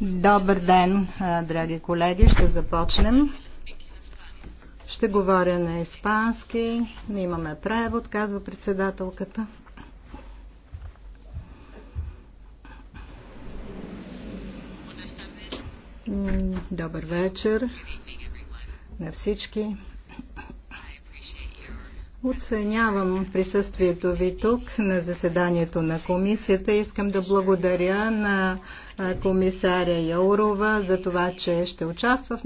Добър ден, драги колеги. Ще започнем. Ще говоря на испански. Не имаме превод, казва председателката. Добър вечер на всички. Оценявам присъствието ви тук на заседанието на комисията. Искам да благодаря на комисаря Яурова за това, че ще участва в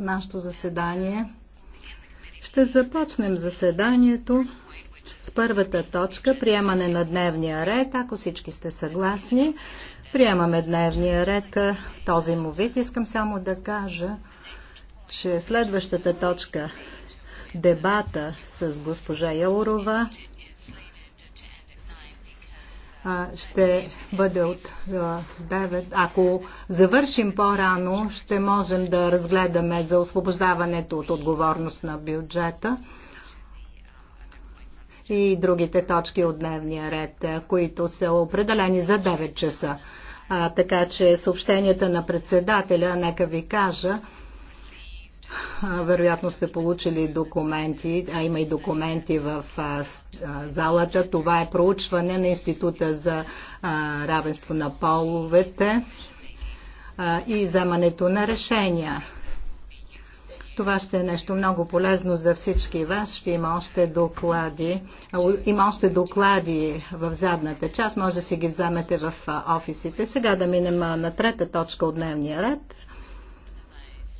нашето заседание. Ще започнем заседанието с първата точка приемане на дневния ред. Ако всички сте съгласни, приемаме дневния ред този му вид. Искам само да кажа, че следващата точка дебата с госпожа Яурова ще бъде от 9. Ако завършим по-рано, ще можем да разгледаме за освобождаването от отговорност на бюджета и другите точки от дневния ред, които са определени за 9 часа. така че съобщенията на председателя, нека ви кажа, вероятно сте получили документи, а има и документи в залата. Това е проучване на Института за равенство на половете и вземането на решения. Това ще е нещо много полезно за всички вас. Ще има още доклади. Има още доклади в задната част. Може да си ги вземете в офисите. Сега да минем на трета точка от дневния ред.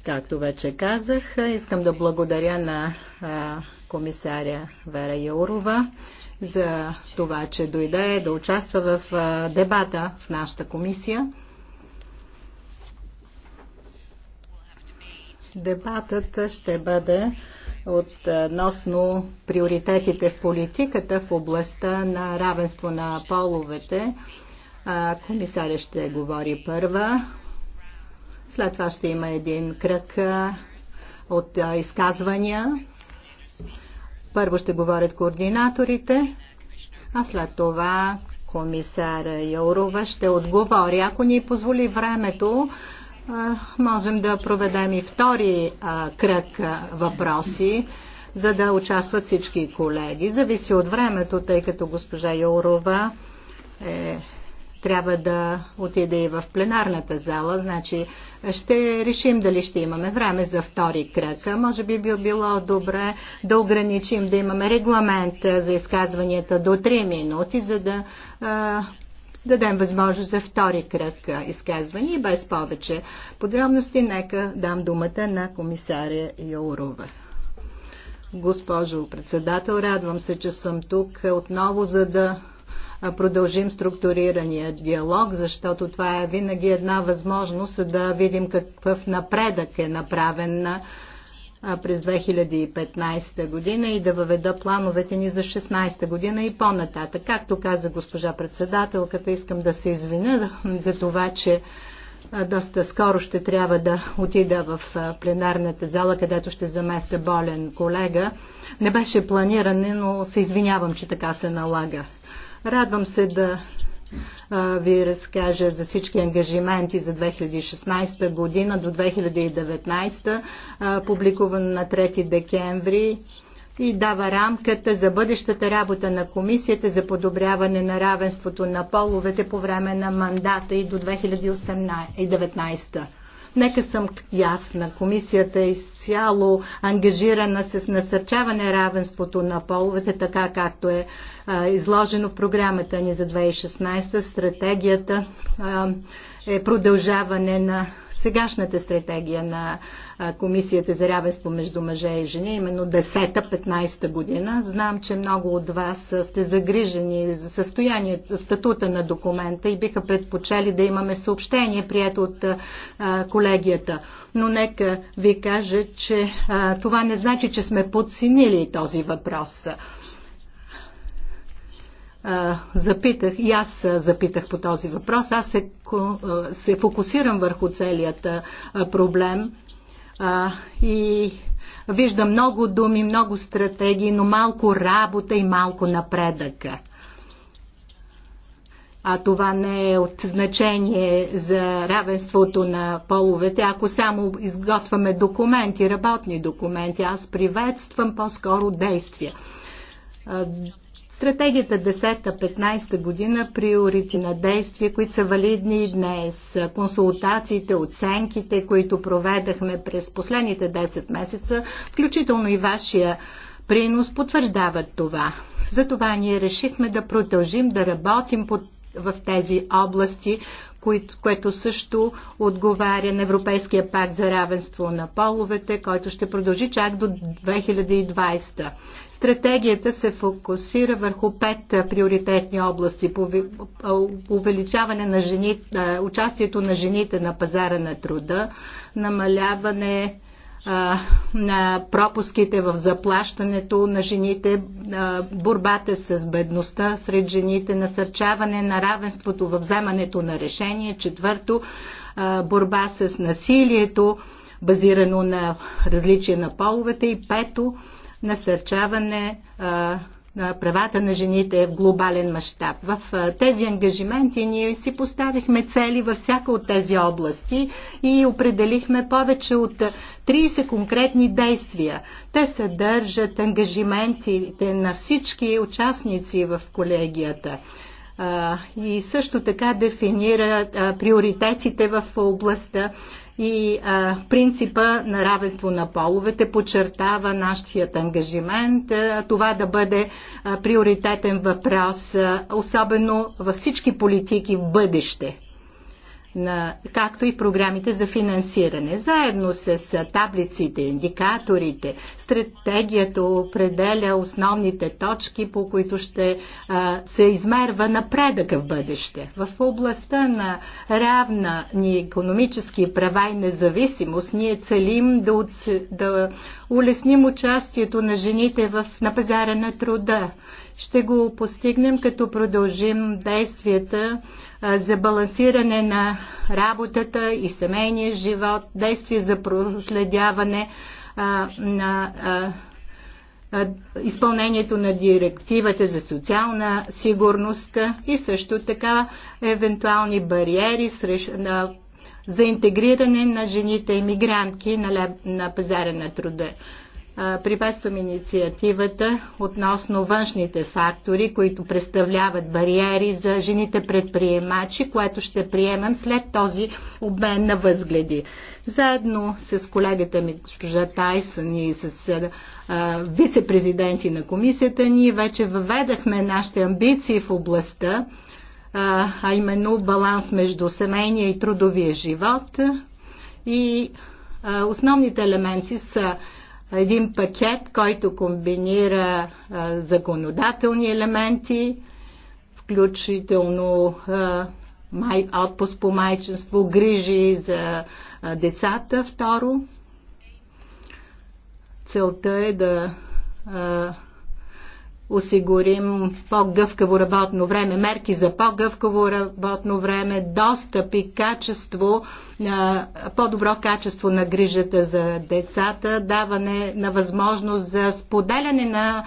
Както вече казах, искам да благодаря на комисаря Вера Яурова за това, че дойде да участва в дебата в нашата комисия. Дебатът ще бъде относно приоритетите в политиката в областта на равенство на половете. Комисаря ще говори първа, след това ще има един кръг от изказвания. Първо ще говорят координаторите, а след това комисара Йорова ще отговори. Ако ни позволи времето, можем да проведем и втори кръг въпроси, за да участват всички колеги. Зависи от времето, тъй като госпожа Йорова е трябва да отиде и в пленарната зала, значи ще решим дали ще имаме време за втори кръг. Може би би било добре да ограничим, да имаме регламент за изказванията до 3 минути, за да дадем възможност за втори кръг изказвания и без повече подробности. Нека дам думата на комисаря Йорова. Госпожо председател, радвам се, че съм тук отново, за да продължим структурирания диалог, защото това е винаги една възможност да видим какъв напредък е направен на през 2015 година и да въведа плановете ни за 16 година и по-нататък. Както каза госпожа председателката, искам да се извиня за това, че доста скоро ще трябва да отида в пленарната зала, където ще заместя болен колега. Не беше планиране, но се извинявам, че така се налага. Радвам се да ви разкажа за всички ангажименти за 2016 година до 2019, публикуван на 3 декември и дава рамката за бъдещата работа на комисията за подобряване на равенството на половете по време на мандата и до 2019. Нека съм ясна, комисията е изцяло ангажирана с насърчаване равенството на половете, така както е изложено в програмата ни за 2016. Стратегията е продължаване на сегашната стратегия на Комисията за равенство между мъже и жени, именно 10-15 година. Знам, че много от вас сте загрижени за състоянието, статута на документа и биха предпочели да имаме съобщение, прието от колегията. Но нека ви кажа, че това не значи, че сме подценили този въпрос запитах, и аз запитах по този въпрос, аз се, се фокусирам върху целият проблем и виждам много думи, много стратегии, но малко работа и малко напредъка. А това не е от значение за равенството на половете, ако само изготвяме документи, работни документи. Аз приветствам по-скоро действия Стратегията 10-15 година, приорити на действия, които са валидни и днес, консултациите, оценките, които проведахме през последните 10 месеца, включително и вашия принос, потвърждават това. Затова ние решихме да продължим да работим в тези области, което също отговаря на Европейския пакт за равенство на половете, който ще продължи чак до 2020. Стратегията се фокусира върху пет приоритетни области. Увеличаване на жените, участието на жените на пазара на труда, намаляване на пропуските в заплащането на жените, борбата с бедността сред жените, насърчаване на равенството в вземането на решение, четвърто, борба с насилието, базирано на различие на половете и пето, насърчаване правата на жените в глобален мащаб. В тези ангажименти ние си поставихме цели във всяка от тези области и определихме повече от 30 конкретни действия. Те съдържат ангажиментите на всички участници в колегията и също така дефинират приоритетите в областта и а, принципа на равенство на половете подчертава нашият ангажимент а, това да бъде а, приоритетен въпрос, а, особено във всички политики в бъдеще на, както и в програмите за финансиране. Заедно с таблиците, индикаторите, стратегията определя основните точки, по които ще а, се измерва напредъка в бъдеще. В областта на равна ни економически права и независимост ние целим да, да улесним участието на жените в, на пазара на труда. Ще го постигнем, като продължим действията за балансиране на работата и семейния живот, действия за проследяване на изпълнението на директивата за социална сигурност и също така евентуални бариери за интегриране на жените иммигрантки на пазара на труда. Приветствам инициативата относно външните фактори, които представляват бариери за жените предприемачи, което ще приемам след този обмен на възгледи. Заедно с колегата ми госпожа Тайсън и с вице-президенти на комисията ние вече въведахме нашите амбиции в областта, а, а именно баланс между семейния и трудовия живот и Основните елементи са един пакет, който комбинира а, законодателни елементи, включително а, май, отпуск по майчинство, грижи за а, децата. Второ, целта е да а, осигурим по-гъвкаво работно време, мерки за по-гъвкаво работно време, достъп и качество, по-добро качество на грижата за децата, даване на възможност за споделяне на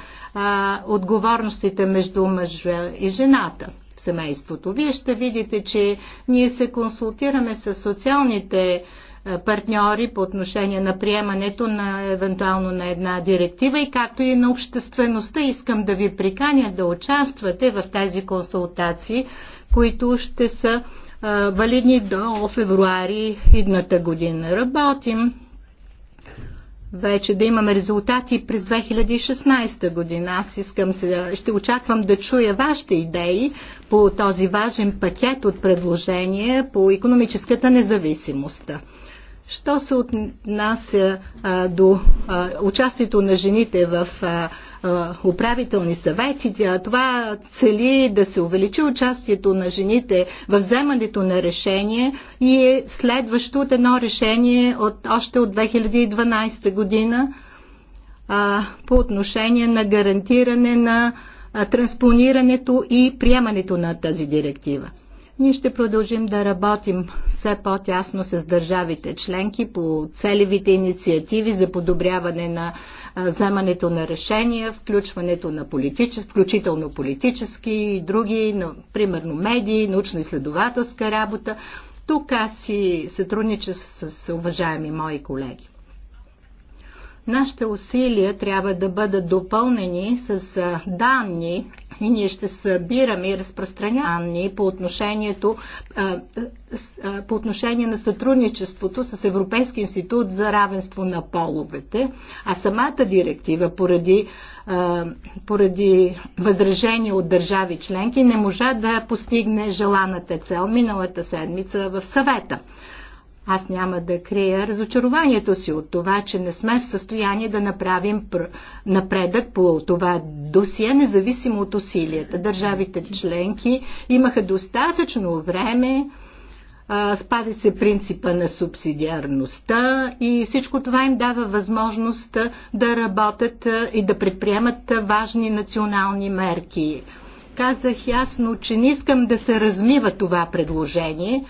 отговорностите между мъжа и жената в семейството. Вие ще видите, че ние се консултираме с социалните е, партньори по отношение на приемането на евентуално на една директива и както и на обществеността. Искам да ви приканя да участвате в тези консултации, които ще са е, валидни до февруари идната година. Работим вече да имаме резултати през 2016 година. Аз искам сега, ще очаквам да чуя вашите идеи по този важен пакет от предложения по економическата независимост. Що се отнася а, до а, участието на жените в а, а, управителни съвети, а това цели да се увеличи участието на жените в вземането на решение и е следващо от едно решение от, още от 2012 година а, по отношение на гарантиране на а, транспонирането и приемането на тази директива. Ние ще продължим да работим все по-тясно с държавите членки по целевите инициативи за подобряване на вземането на решения, включването на политичес, включително политически и други, на, примерно медии, научно-изследователска работа. Тук аз си сътруднича с, с уважаеми мои колеги. Нашите усилия трябва да бъдат допълнени с данни и ние ще събираме и разпространяваме по отношението по отношение на сътрудничеството с Европейски институт за равенство на половете, а самата директива поради, поради възражение от държави членки не можа да постигне желаната цел миналата седмица в съвета. Аз няма да крия разочарованието си от това, че не сме в състояние да направим напредък по това досие, независимо от усилията. Държавите членки имаха достатъчно време спази се принципа на субсидиарността и всичко това им дава възможност да работят и да предприемат важни национални мерки. Казах ясно, че не искам да се размива това предложение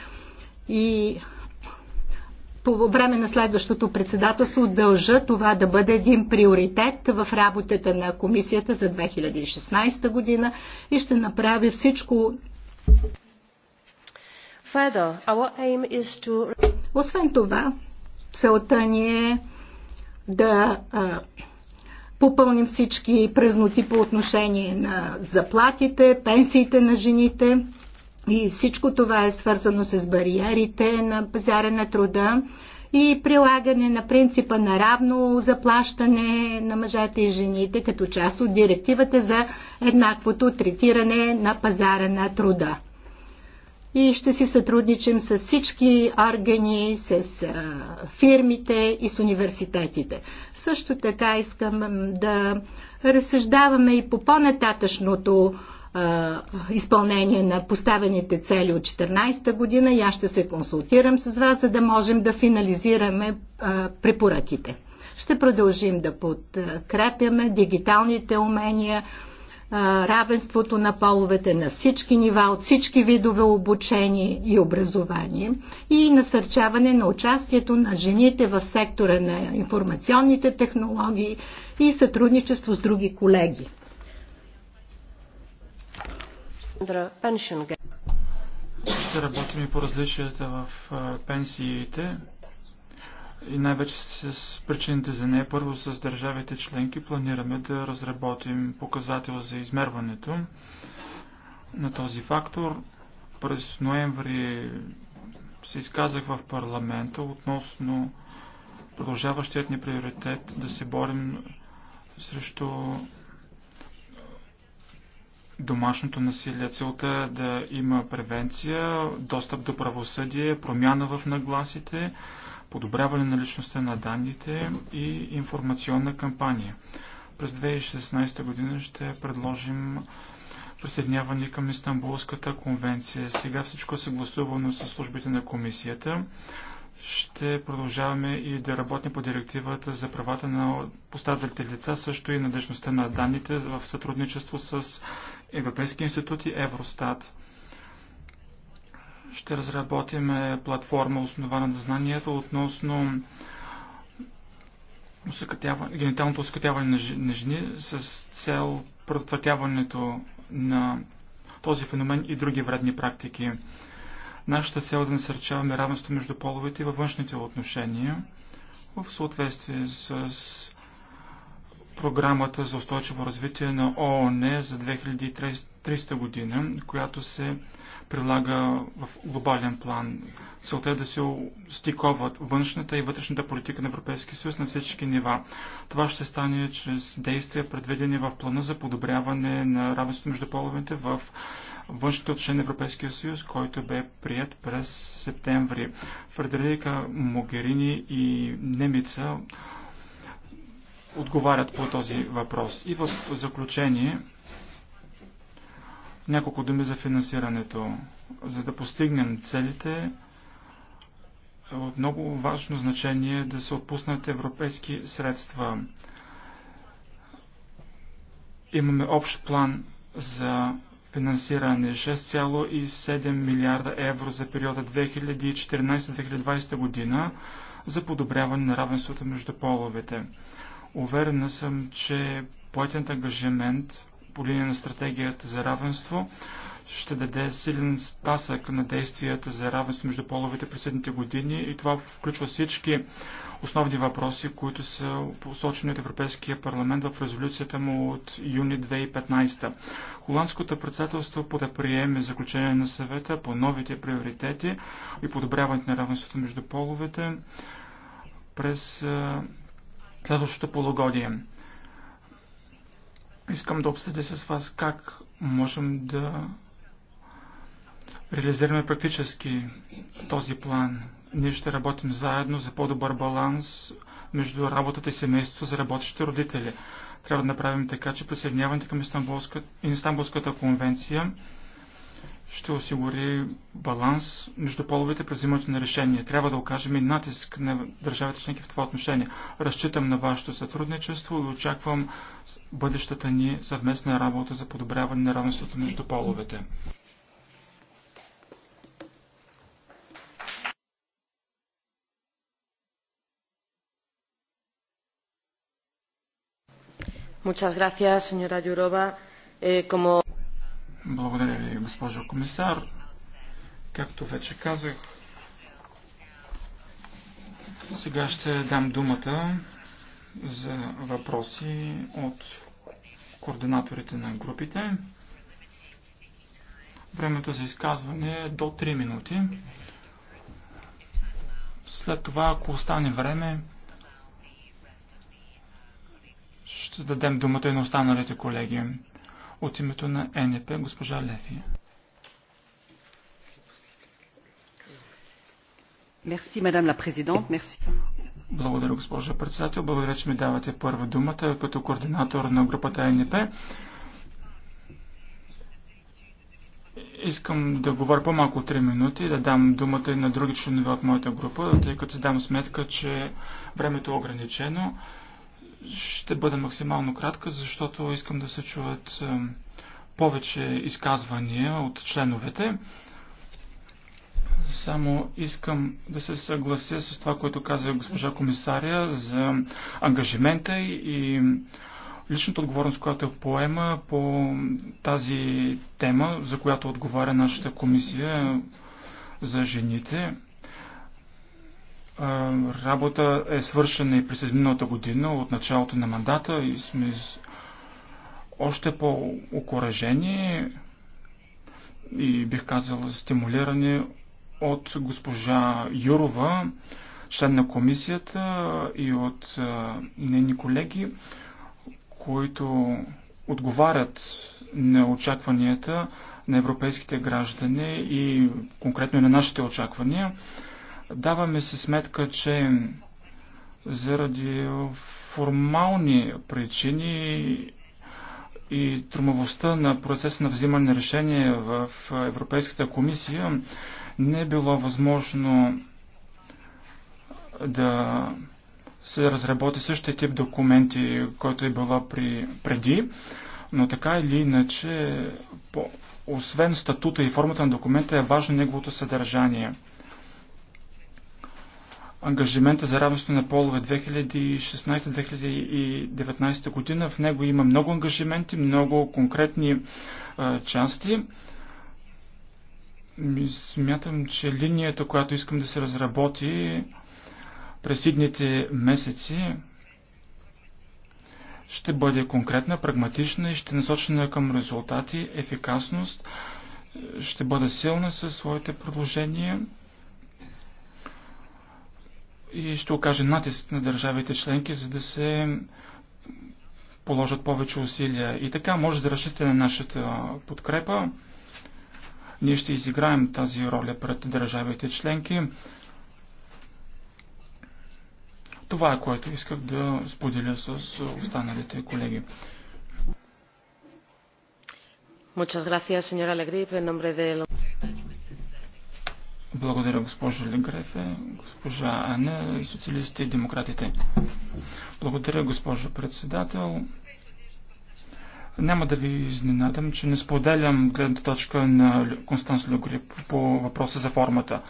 и по време на следващото председателство дължа това да бъде един приоритет в работата на комисията за 2016 година и ще направя всичко. Освен това, целта ни е да а, попълним всички празноти по отношение на заплатите, пенсиите на жените, и всичко това е свързано с бариерите на пазара на труда и прилагане на принципа на равно заплащане на мъжете и жените като част от директивата за еднаквото третиране на пазара на труда. И ще си сътрудничим с всички органи, с фирмите и с университетите. Също така искам да разсъждаваме и по по-нататъчното изпълнение на поставените цели от 14-та година и аз ще се консултирам с вас, за да можем да финализираме препоръките. Ще продължим да подкрепяме дигиталните умения, равенството на половете на всички нива, от всички видове обучение и образование и насърчаване на участието на жените в сектора на информационните технологии и сътрудничество с други колеги. Ще работим и по различията в пенсиите и най-вече с причините за нея. Първо с държавите членки планираме да разработим показател за измерването на този фактор. През ноември се изказах в парламента относно продължаващият ни приоритет да се борим срещу домашното насилие. Целта е да има превенция, достъп до правосъдие, промяна в нагласите, подобряване на личността на данните и информационна кампания. През 2016 година ще предложим присъединяване към Истанбулската конвенция. Сега всичко е съгласувано с службите на комисията. Ще продължаваме и да работим по директивата за правата на пострадалите лица, също и надежността на данните в сътрудничество с Европейски институт и Евростат. Ще разработим платформа основана на знанието относно гениталното усъкътяване на жени с цел предотвратяването на този феномен и други вредни практики. Нашата цел е да насърчаваме равенство между половете във външните отношения в съответствие с програмата за устойчиво развитие на ООН за 2030 година, която се прилага в глобален план. Целта е да се стиковат външната и вътрешната политика на Европейския съюз на всички нива. Това ще стане чрез действия, предведени в плана за подобряване на равенството между половете в външната отношение на Европейския съюз, който бе прият през септември. Фредерика Могерини и Немица отговарят по този въпрос. И в заключение няколко думи за финансирането. За да постигнем целите, е от много важно значение да се отпуснат европейски средства. Имаме общ план за финансиране 6,7 милиарда евро за периода 2014-2020 година за подобряване на равенството между половете. Уверена съм, че поетен ангажимент по линия на стратегията за равенство ще даде силен стасък на действията за равенство между половите през следните години и това включва всички основни въпроси, които са посочени от Европейския парламент в резолюцията му от юни 2015. Холандското председателство да приеме заключение на съвета по новите приоритети и подобряването на равенството между половете през следващото полугодие. Искам да обсъдя с вас как можем да реализираме практически този план. Ние ще работим заедно за по-добър баланс между работата и семейството за работещите родители. Трябва да направим така, че присъединяването към Истанбулската конвенция ще осигури баланс между половите при взимането на решение. Трябва да окажем и натиск на държавите членки в това отношение. Разчитам на вашето сътрудничество и очаквам бъдещата ни съвместна работа за подобряване на равенството между половете. Muchas gracias, señora Yurova. Eh, como благодаря ви, госпожо комисар. Както вече казах, сега ще дам думата за въпроси от координаторите на групите. Времето за изказване е до 3 минути. След това, ако остане време, ще дадем думата и на останалите колеги. От името на НП госпожа Лефи. Merci, madame la présidente. Merci. Благодаря, госпожа председател. Благодаря, че ми давате първа думата като координатор на групата НП. Искам да говоря по-малко от 3 минути, да дам думата и на други членове от моята група, тъй като се дам сметка, че времето е ограничено. Ще бъда максимално кратка, защото искам да се чуват повече изказвания от членовете. Само искам да се съглася с това, което каза госпожа комисаря за ангажимента и личната отговорност, която е поема по тази тема, за която отговаря нашата комисия за жените. Работа е свършена и през миналата година, от началото на мандата и сме още по-окоръжени и бих казал стимулирани от госпожа Юрова, член на комисията и от нейни колеги, които отговарят на очакванията на европейските граждани и конкретно на нашите очаквания. Даваме се сметка, че заради формални причини и трумовостта на процеса на взимане на решение в Европейската комисия не е било възможно да се разработи същия тип документи, който е било при, преди, но така или иначе, по, освен статута и формата на документа, е важно неговото съдържание – ангажимента за равенство на полове 2016-2019 година. В него има много ангажименти, много конкретни а, части. Смятам, че линията, която искам да се разработи през идните месеци, ще бъде конкретна, прагматична и ще е насочена към резултати, ефикасност. Ще бъда силна със своите предложения и ще окаже натиск на държавите членки, за да се положат повече усилия. И така може да решите на нашата подкрепа. Ние ще изиграем тази роля пред държавите членки. Това е което исках да споделя с останалите колеги. Muchas gracias, señora Legrip, en nombre de... Благодаря, госпожо Легрефе, госпожа Ане и социалистите и демократите. Благодаря, госпожо председател. Няма да ви изненадам, че не споделям гледната точка на Констанс Люгрип по въпроса за формата.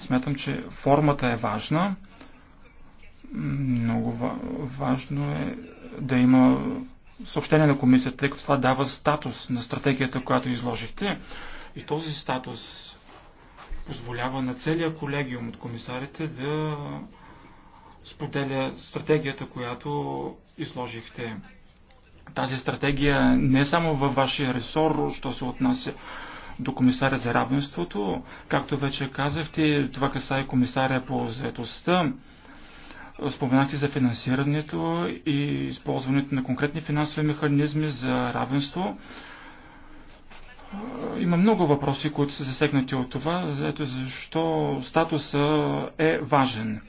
Смятам, че формата е важна. Много важно е да има съобщение на комисията, тъй като това дава статус на стратегията, която изложихте. И този статус позволява на целия колегиум от комисарите да споделя стратегията, която изложихте. Тази стратегия не е само във вашия ресор, що се отнася до комисаря за равенството. Както вече казахте, това каса и комисаря по заедостта. Споменахте за финансирането и използването на конкретни финансови механизми за равенство. Има много въпроси, които са засегнати от това, ето защо статуса е важен.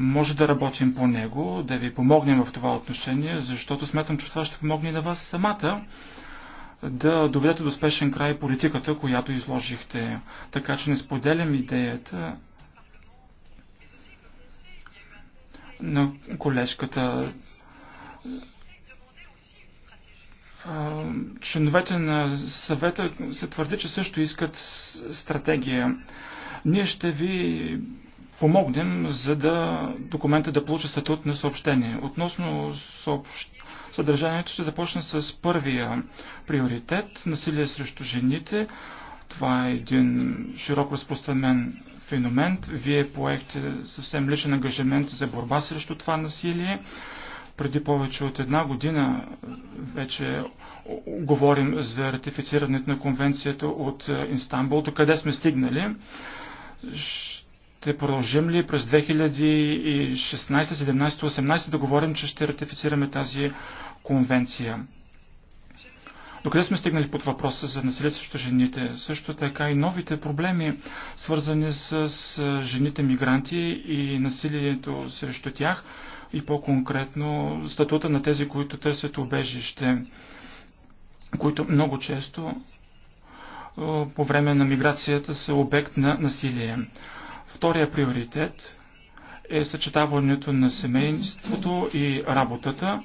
Може да работим по него, да ви помогнем в това отношение, защото смятам, че това ще помогне на вас самата да доведете до спешен край политиката, която изложихте. Така че не споделям идеята на колежката Членовете на съвета се твърди, че също искат стратегия. Ние ще ви помогнем, за да документа да получи статут на съобщение. Относно съдържанието ще започна с първия приоритет – насилие срещу жените. Това е един широко разпространен феномен. Вие поехте съвсем личен ангажимент за борба срещу това насилие преди повече от една година вече говорим за ратифицирането на конвенцията от е, Инстанбул. До къде сме стигнали? Ще продължим ли през 2016, 17, 18 да говорим, че ще ратифицираме тази конвенция? Докъде сме стигнали под въпроса за насилието срещу жените? Също така и новите проблеми, свързани с жените мигранти и насилието срещу тях – и по-конкретно статута на тези, които търсят убежище, които много често по време на миграцията са обект на насилие. Втория приоритет е съчетаването на семейството и работата.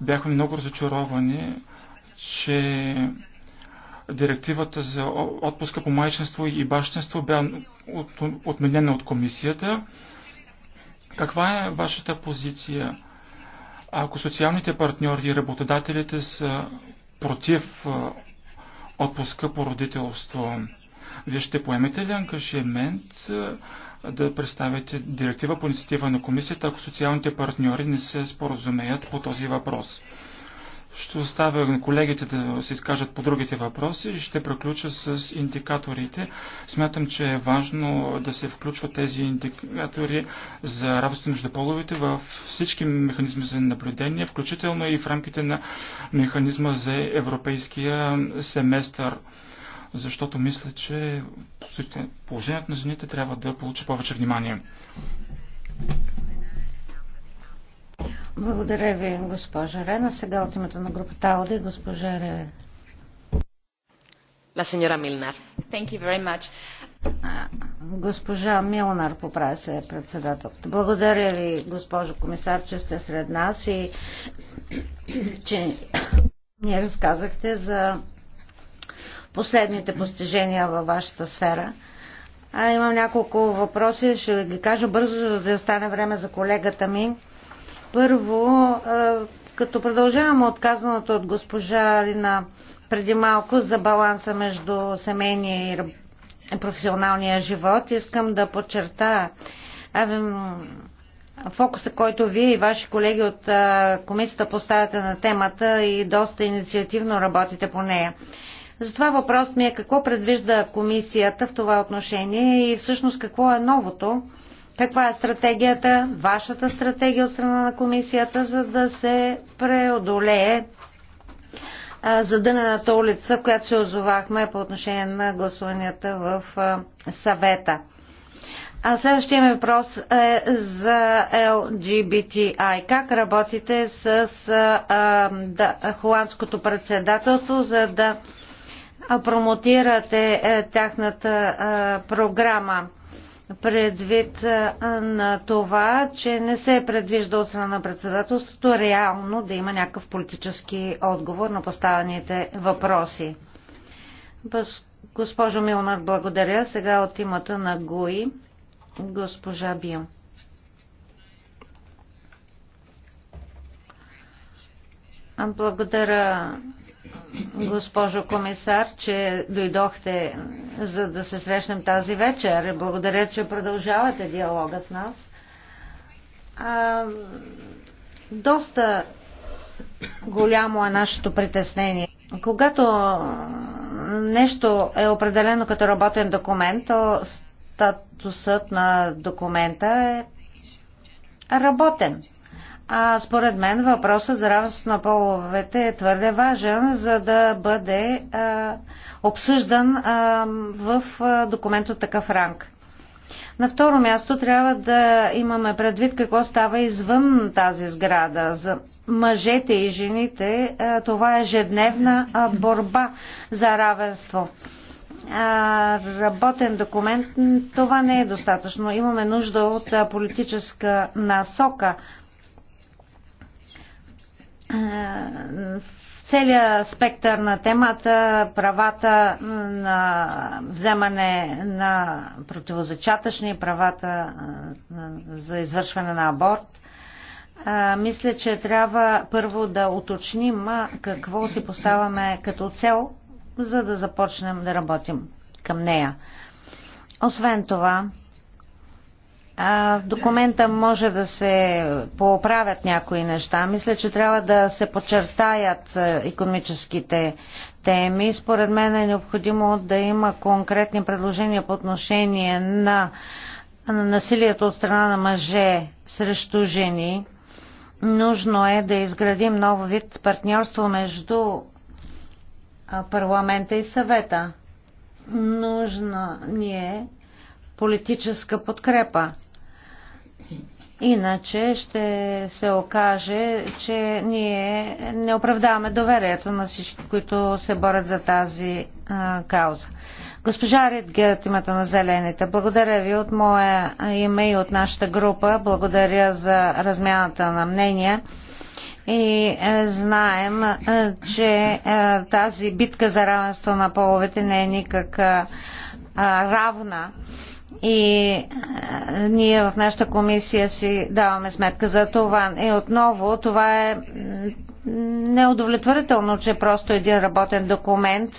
Бяхме много разочаровани, че директивата за отпуска по майчинство и бащинство бе отменена от комисията. Каква е вашата позиция, ако социалните партньори и работодателите са против отпуска по родителство? Вие ще поемете ли ангажимент да представите директива по инициатива на комисията, ако социалните партньори не се споразумеят по този въпрос? Ще оставя колегите да се изкажат по другите въпроси. и Ще проключа с индикаторите. Смятам, че е важно да се включват тези индикатори за равенство между половите в всички механизми за наблюдение, включително и в рамките на механизма за европейския семестър. Защото мисля, че положението на жените трябва да получи повече внимание. Благодаря ви, госпожа Рена. Сега от името на групата Ауди, госпожа Рена. La señora Milnar. Thank you very much. Госпожа Милнар поправя се председател. Благодаря ви, госпожо комисар, че сте сред нас и че ни разказахте за последните постижения във вашата сфера. А, имам няколко въпроси, ще ги кажа бързо, за да остане време за колегата ми. Първо, като продължавам отказаното от госпожа Алина преди малко за баланса между семейния и професионалния живот, искам да подчерта фокуса, който вие и ваши колеги от комисията поставяте на темата и доста инициативно работите по нея. Затова въпрос ми е какво предвижда комисията в това отношение и всъщност какво е новото каква е стратегията, вашата стратегия от страна на комисията, за да се преодолее задънената улица, в която се озовахме по отношение на гласуванията в съвета? А следващия ми въпрос е за LGBTI. Как работите с а, да, холандското председателство, за да промотирате е, тяхната е, програма? предвид на това, че не се е предвижда от страна на председателството реално да има някакъв политически отговор на поставените въпроси. Госпожо Милнар, благодаря. Сега от имата на ГУИ, госпожа Бил. Благодаря, госпожо комисар, че дойдохте за да се срещнем тази вечер. Благодаря, че продължавате диалога с нас. А, доста голямо е нашето притеснение. Когато нещо е определено като работен документ, то статусът на документа е работен. А според мен въпросът за равенството на половете е твърде важен, за да бъде а, обсъждан а, в а, документ от такъв ранг. На второ място трябва да имаме предвид какво става извън тази сграда. За мъжете и жените а, това е ежедневна а, борба за равенство работен документ, това не е достатъчно. Имаме нужда от политическа насока е, целият спектър на темата, правата на вземане на противозачатъчни, правата е, за извършване на аборт. Е, мисля, че трябва първо да уточним какво си поставяме като цел, за да започнем да работим към нея. Освен това, в документа може да се поправят някои неща. Мисля, че трябва да се подчертаят економическите теми. Според мен е необходимо да има конкретни предложения по отношение на насилието от страна на мъже срещу жени. Нужно е да изградим нов вид партньорство между парламента и съвета. Нужна ни е политическа подкрепа Иначе ще се окаже, че ние не оправдаваме доверието на всички, които се борят за тази а, кауза. Госпожа Ритгер от името на Зелените, благодаря ви от моя име и от нашата група. Благодаря за размяната на мнения. И е, знаем, е, че е, тази битка за равенство на половете не е никак е, е равна. И а, ние в нашата комисия си даваме сметка за това. И отново това е неудовлетворително, че просто един работен документ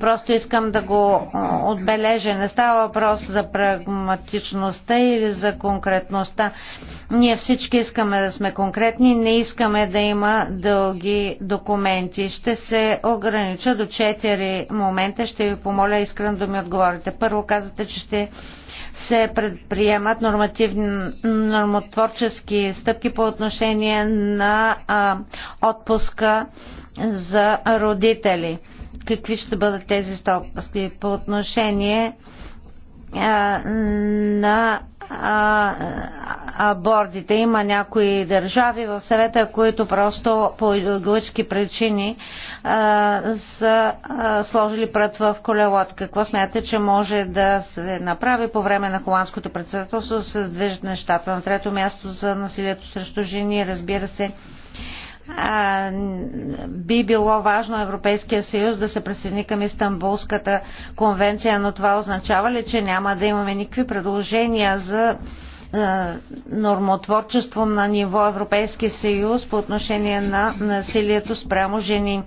Просто искам да го отбележа. Не става въпрос за прагматичността или за конкретността. Ние всички искаме да сме конкретни, не искаме да има дълги документи. Ще се огранича до четири момента. Ще ви помоля искрено да ми отговорите. Първо казвате, че ще се предприемат нормативни, нормотворчески стъпки по отношение на а, отпуска за родители какви ще бъдат тези стопности по отношение на абордите, Има някои държави в съвета, които просто по идеологически причини а, са а, сложили прът в колелото. Какво смятате, че може да се направи по време на холандското председателство, се сдвижат нещата. На трето място за насилието срещу жени, разбира се, би било важно Европейския съюз да се присъедини към Истанбулската конвенция, но това означава ли, че няма да имаме никакви предложения за нормотворчество на ниво Европейски съюз по отношение на насилието спрямо жени.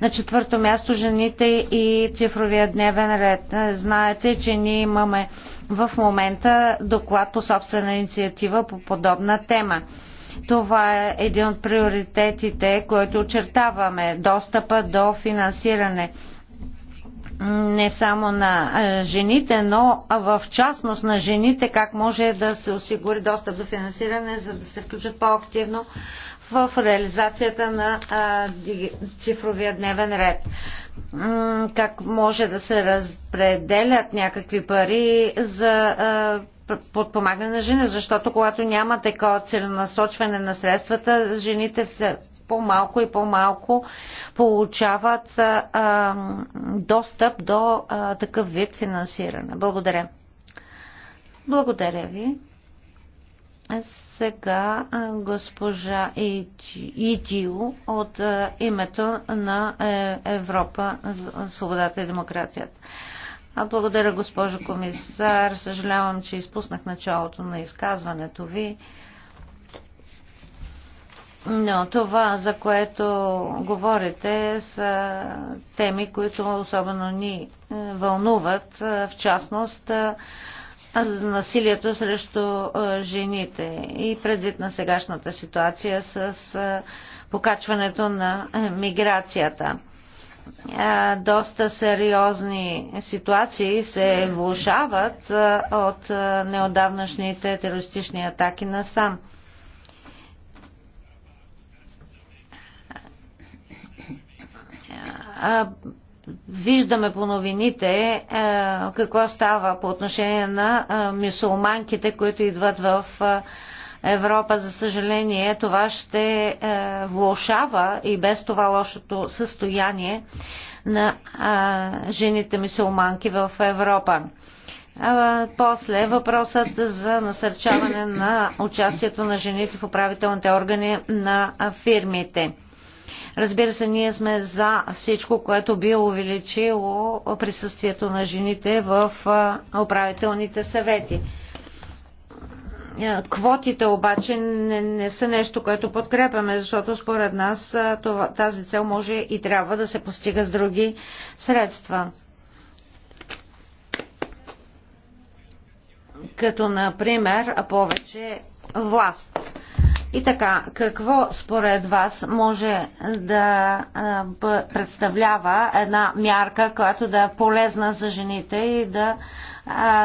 На четвърто място жените и цифровия дневен ред. Знаете, че ние имаме в момента доклад по собствена инициатива по подобна тема. Това е един от приоритетите, който очертаваме. Достъпа до финансиране не само на жените, но в частност на жените, как може да се осигури достъп до финансиране, за да се включат по-активно в реализацията на цифровия дневен ред как може да се разпределят някакви пари за подпомагане на жени, защото когато няма такова целенасочване на средствата, жените все по-малко и по-малко получават достъп до такъв вид финансиране. Благодаря. Благодаря ви. Сега госпожа Идио от името на е, Европа, свободата и демокрацията. Благодаря, госпожо комисар. Съжалявам, че изпуснах началото на изказването ви. Но това, за което говорите, са теми, които особено ни е, вълнуват. Е, в частност, за насилието срещу жените и предвид на сегашната ситуация с покачването на миграцията. Доста сериозни ситуации се влушават от неодавнашните терористични атаки на А, виждаме по новините е, какво става по отношение на е, мисулманките, които идват в е, Европа. За съжаление, това ще влошава и без това лошото състояние на жените мисулманки в Европа. После въпросът за насърчаване на участието на жените в управителните органи на фирмите. Разбира се, ние сме за всичко, което би увеличило присъствието на жените в управителните съвети. Е, квотите обаче не, не са нещо, което подкрепяме, защото според нас това, тази цел може и трябва да се постига с други средства. Като, например, повече власт. И така, какво според вас може да представлява една мярка, която да е полезна за жените и да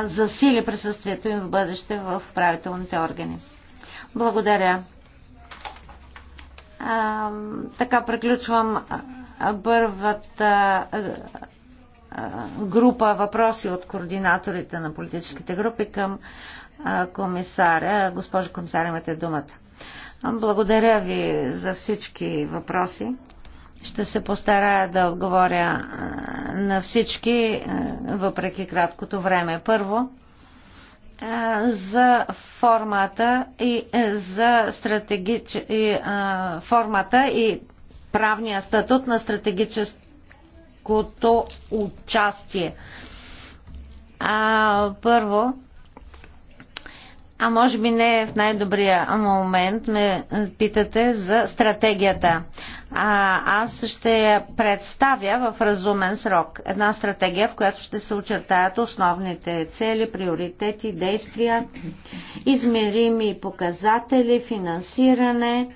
засили присъствието им в бъдеще в правителните органи? Благодаря. така приключвам първата група въпроси от координаторите на политическите групи към комисаря. Госпожо комисаря, имате думата. Благодаря ви за всички въпроси. Ще се постарая да отговоря на всички, въпреки краткото време. Първо, за формата и е, за стратегич... и, а, формата и правния статут на стратегическото участие. А, първо, а може би не в най-добрия момент ме питате за стратегията. А, аз ще я представя в разумен срок. Една стратегия, в която ще се очертаят основните цели, приоритети, действия, измерими показатели, финансиране,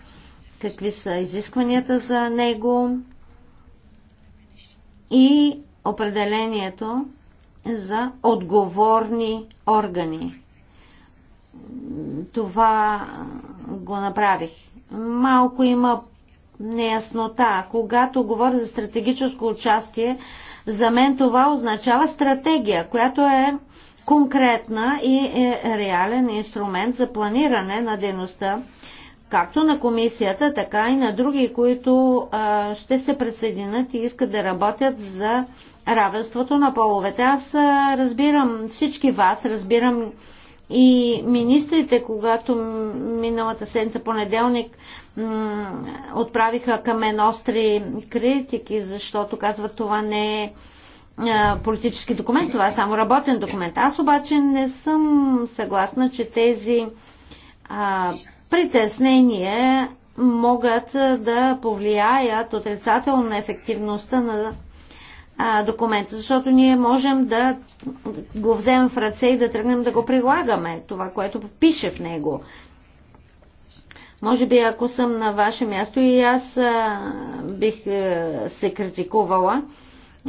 какви са изискванията за него и определението за отговорни органи това го направих. Малко има неяснота. Когато говоря за стратегическо участие, за мен това означава стратегия, която е конкретна и е реален инструмент за планиране на дейността, както на комисията, така и на други, които а, ще се присъединят и искат да работят за равенството на половете. Аз а, разбирам всички вас, разбирам и министрите, когато миналата седмица понеделник отправиха към мен остри критики, защото казват това не е политически документ, това е само работен документ. Аз обаче не съм съгласна, че тези а, притеснения могат да повлияят отрицателно на ефективността на документ, защото ние можем да го вземем в ръце и да тръгнем да го прилагаме, това, което пише в него. Може би, ако съм на ваше място и аз а, бих а, се критикувала,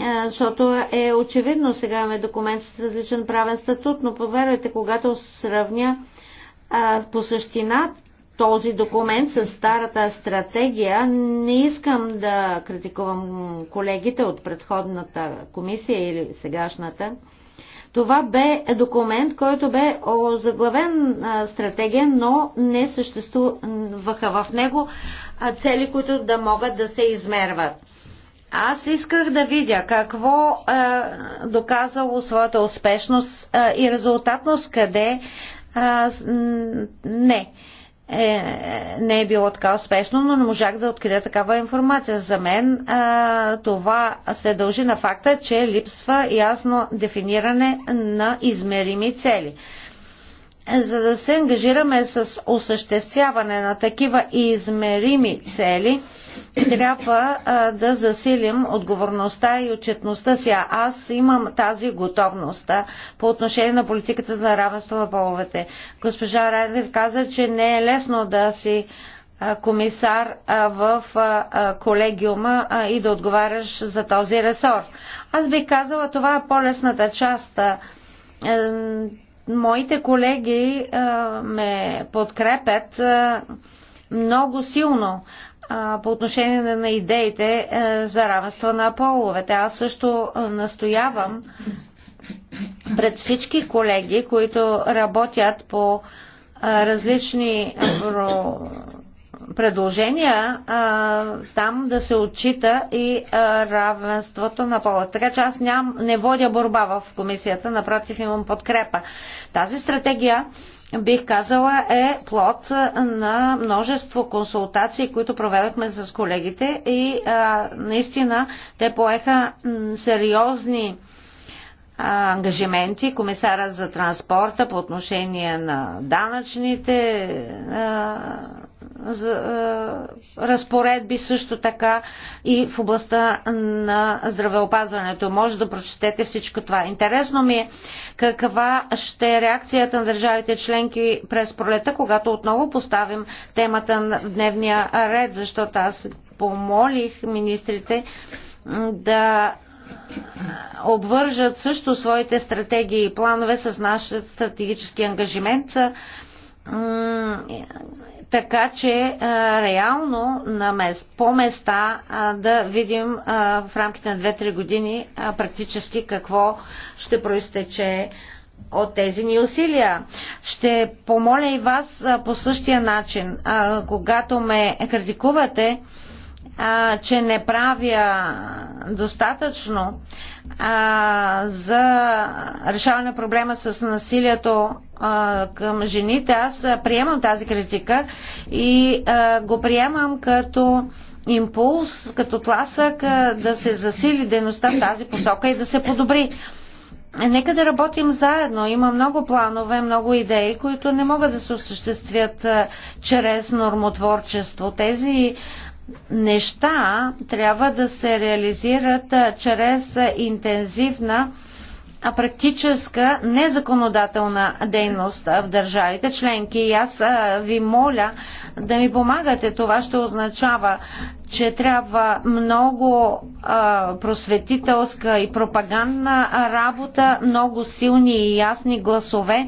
а, защото е очевидно, сега имаме документ с различен правен статут, но повярвайте, когато сравня а, по същината този документ с старата стратегия. Не искам да критикувам колегите от предходната комисия или сегашната. Това бе документ, който бе заглавен стратегия, но не съществуваха в него цели, които да могат да се измерват. Аз исках да видя какво е, доказало своята успешност е, и резултатност, къде е, не е, не е било така успешно, но не можах да открия такава информация. За мен е, това се дължи на факта, че липсва ясно дефиниране на измерими цели за да се ангажираме с осъществяване на такива измерими цели, трябва а, да засилим отговорността и отчетността си. аз имам тази готовност а, по отношение на политиката за равенство на половете. Госпожа Райдер каза, че не е лесно да си а, комисар а, в а, колегиума а, и да отговаряш за този ресор. Аз бих казала, това е по-лесната част. А, Моите колеги ме подкрепят много силно по отношение на идеите за равенство на половете. Аз също настоявам пред всички колеги, които работят по различни предложения а, там да се отчита и а, равенството на пола. Така че аз ням, не водя борба в комисията, напротив имам подкрепа. Тази стратегия бих казала, е плод на множество консултации, които проведахме с колегите и а, наистина те поеха м, сериозни а, ангажименти, комисара за транспорта по отношение на данъчните за, е, разпоредби също така и в областта на здравеопазването. Може да прочетете всичко това. Интересно ми е каква ще е реакцията на държавите членки през пролета, когато отново поставим темата на дневния ред, защото аз помолих министрите да обвържат също своите стратегии и планове с нашия стратегически ангажимент така че а, реално на мес, по места а, да видим а, в рамките на 2-3 години а, практически какво ще проистече от тези ни усилия. Ще помоля и вас а, по същия начин, а, когато ме критикувате, а, а, че не правя достатъчно а, за решаване на проблема с насилието а, към жените, аз приемам тази критика и а, го приемам като импулс, като тласък а, да се засили дейността в тази посока и да се подобри. Нека да работим заедно. Има много планове, много идеи, които не могат да се осъществят чрез нормотворчество. Тези неща трябва да се реализират чрез интензивна практическа незаконодателна дейност в държавите членки. И аз ви моля да ми помагате. Това ще означава, че трябва много просветителска и пропагандна работа, много силни и ясни гласове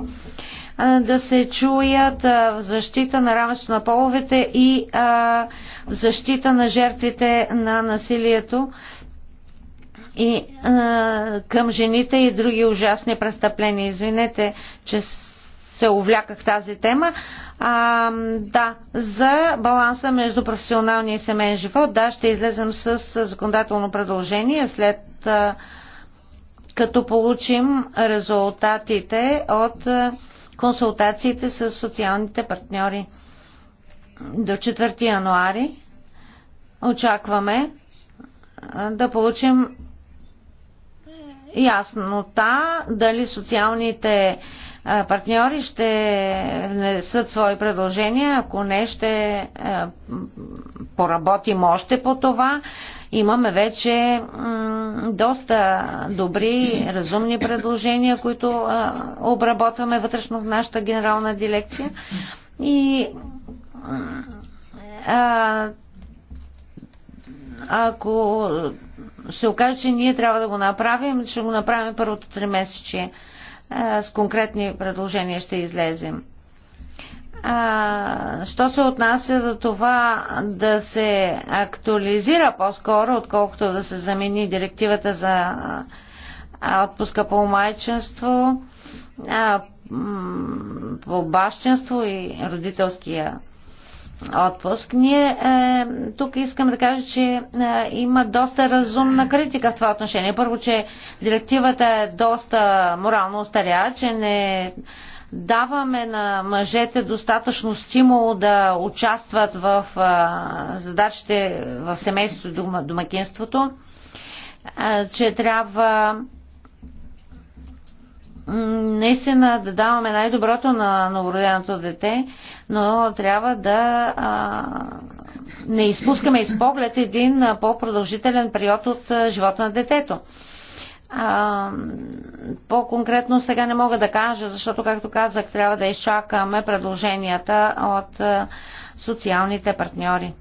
да се чуят в защита на равенство на половете и а, защита на жертвите на насилието и е, към жените и други ужасни престъпления. Извинете, че се увляках тази тема. А, да, за баланса между професионалния и семейен живот, да, ще излезем с законодателно предложение след а, е, като получим резултатите от е, консултациите с социалните партньори до 4 януари очакваме да получим яснота дали социалните партньори ще внесат свои предложения. Ако не, ще поработим още по това. Имаме вече доста добри, разумни предложения, които обработваме вътрешно в нашата генерална дирекция. И а, ако се окаже, че ние трябва да го направим, ще го направим първото три месече. С конкретни предложения ще излезем. А, що се отнася до това да се актуализира по-скоро, отколкото да се замени директивата за отпуска по майчинство, по бащинство и родителския отпуск. Ние е, тук искам да кажа, че е, има доста разумна критика в това отношение. Първо, че директивата е доста морално остаря, че не даваме на мъжете достатъчно стимул да участват в е, задачите в семейството и домакинството, е, че трябва наистина да даваме най-доброто на новороденото дете, но трябва да а, не изпускаме из поглед един по-продължителен период от а, живота на детето. по-конкретно сега не мога да кажа, защото, както казах, трябва да изчакаме предложенията от а, социалните партньори.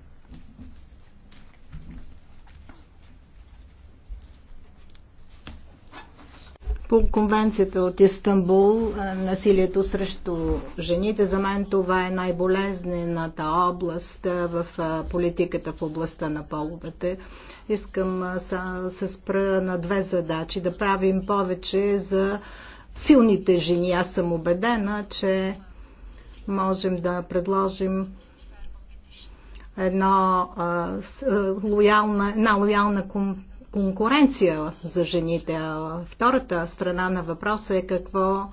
По конвенцията от Истанбул, е, насилието срещу жените, за мен това е най-болезнената област е, в е, политиката в областта на половете. Искам да се спра на две задачи. Да правим повече за силните жени. Аз съм убедена, че можем да предложим едно, а, лоялна, една лоялна конкуренция конкуренция за жените. Втората страна на въпроса е какво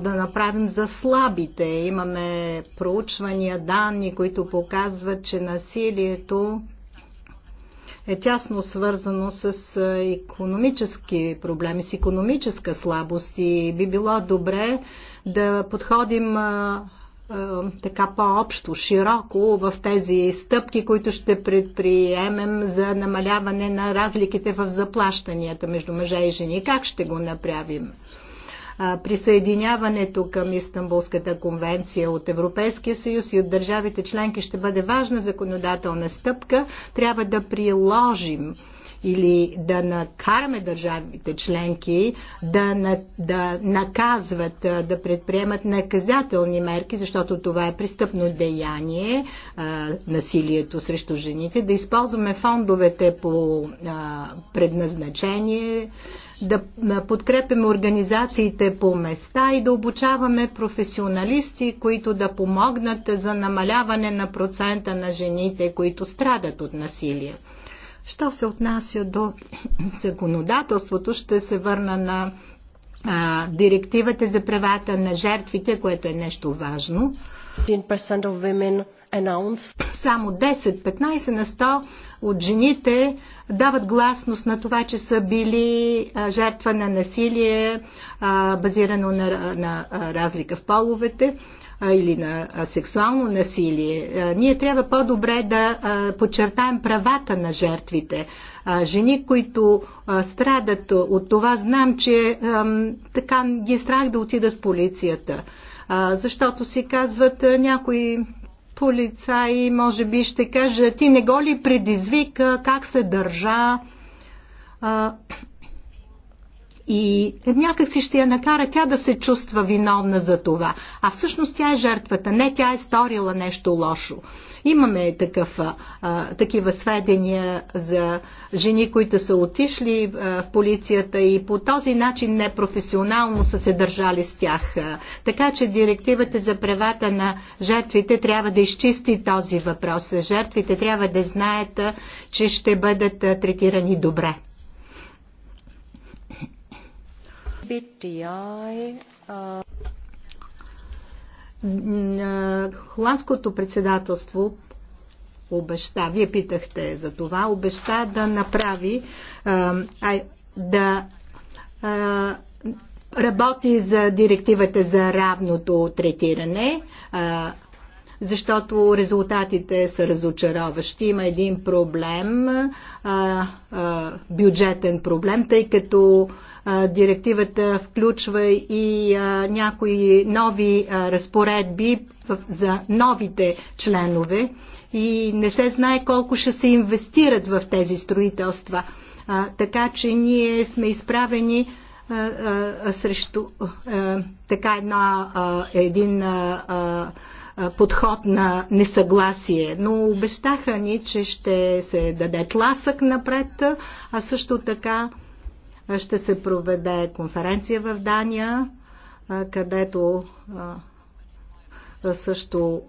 да направим за слабите. Имаме проучвания, данни, които показват, че насилието е тясно свързано с економически проблеми, с економическа слабост и би било добре да подходим е, така по-общо, широко в тези стъпки, които ще предприемем за намаляване на разликите в заплащанията между мъже и жени. Как ще го направим? присъединяването към Истанбулската конвенция от Европейския съюз и от държавите членки ще бъде важна законодателна стъпка. Трябва да приложим или да накараме държавите членки да, на, да наказват, да предприемат наказателни мерки, защото това е престъпно деяние, а, насилието срещу жените, да използваме фондовете по а, предназначение, да подкрепяме организациите по места и да обучаваме професионалисти, които да помогнат за намаляване на процента на жените, които страдат от насилие. Що се отнася до законодателството, ще се върна на а, директивата за правата на жертвите, което е нещо важно. Само 10-15 на 100 от жените дават гласност на това, че са били жертва на насилие, базирано на, на разлика в половете или на сексуално насилие. Ние трябва по-добре да подчертаем правата на жертвите. Жени, които страдат от това, знам, че така ги е страх да отидат в полицията защото си казват някой полицаи може би ще кажа, ти не го ли предизвика, как се държа. А, и някак си ще я накара тя да се чувства виновна за това. А всъщност тя е жертвата. Не, тя е сторила нещо лошо. Имаме такъв, а, такива сведения за жени, които са отишли а, в полицията и по този начин непрофесионално са се държали с тях. А, така че директивата за правата на жертвите трябва да изчисти този въпрос. Жертвите трябва да знаят, а, че ще бъдат а, третирани добре. BTI, Холандското председателство обеща, вие питахте за това, обеща да направи, да работи за директивата за равното третиране, защото резултатите са разочароващи. Има един проблем, а, а, бюджетен проблем, тъй като а, директивата включва и а, някои нови а, разпоредби в, за новите членове и не се знае колко ще се инвестират в тези строителства. А, така че ние сме изправени а, а, срещу а, така една, а, един а, подход на несъгласие, но обещаха ни, че ще се даде тласък напред, а също така ще се проведе конференция в Дания, където също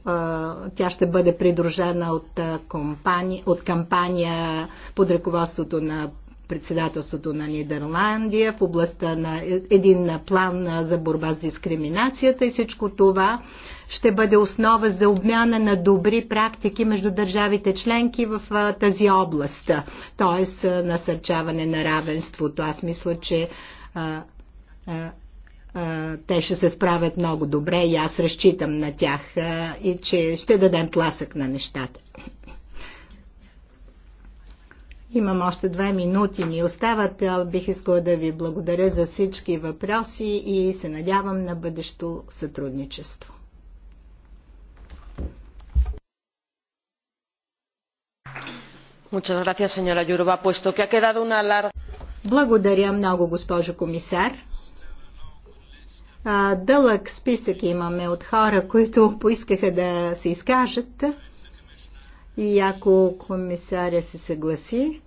тя ще бъде придружена от, компания, от кампания под ръководството на председателството на Нидерландия в областта на един план за борба с дискриминацията и всичко това ще бъде основа за обмяна на добри практики между държавите членки в тази област, т.е. насърчаване на равенството. Аз мисля, че те ще се справят много добре и аз разчитам на тях и че ще дадем тласък на нещата. Имам още две минути ни остават. Бих искала да ви благодаря за всички въпроси и се надявам на бъдещо сътрудничество. Благодаря много, госпожо комисар. дълъг списък имаме от хора, които поискаха да се изкажат. И ако комисаря се съгласи,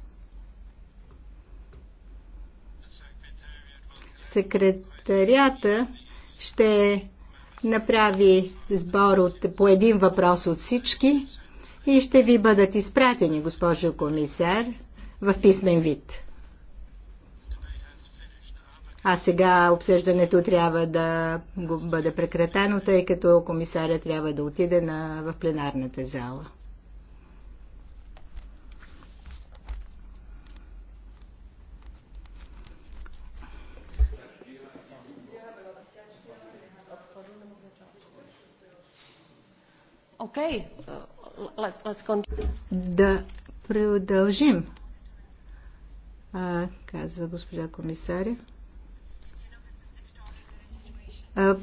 секретарията ще направи сбор от по един въпрос от всички и ще ви бъдат изпратени, госпожо комисар, в писмен вид. А сега обсъждането трябва да бъде прекратено, тъй като комисаря трябва да отиде на, в пленарната зала. Okay let's, let's Да продължим, а, казва госпожа комисаря.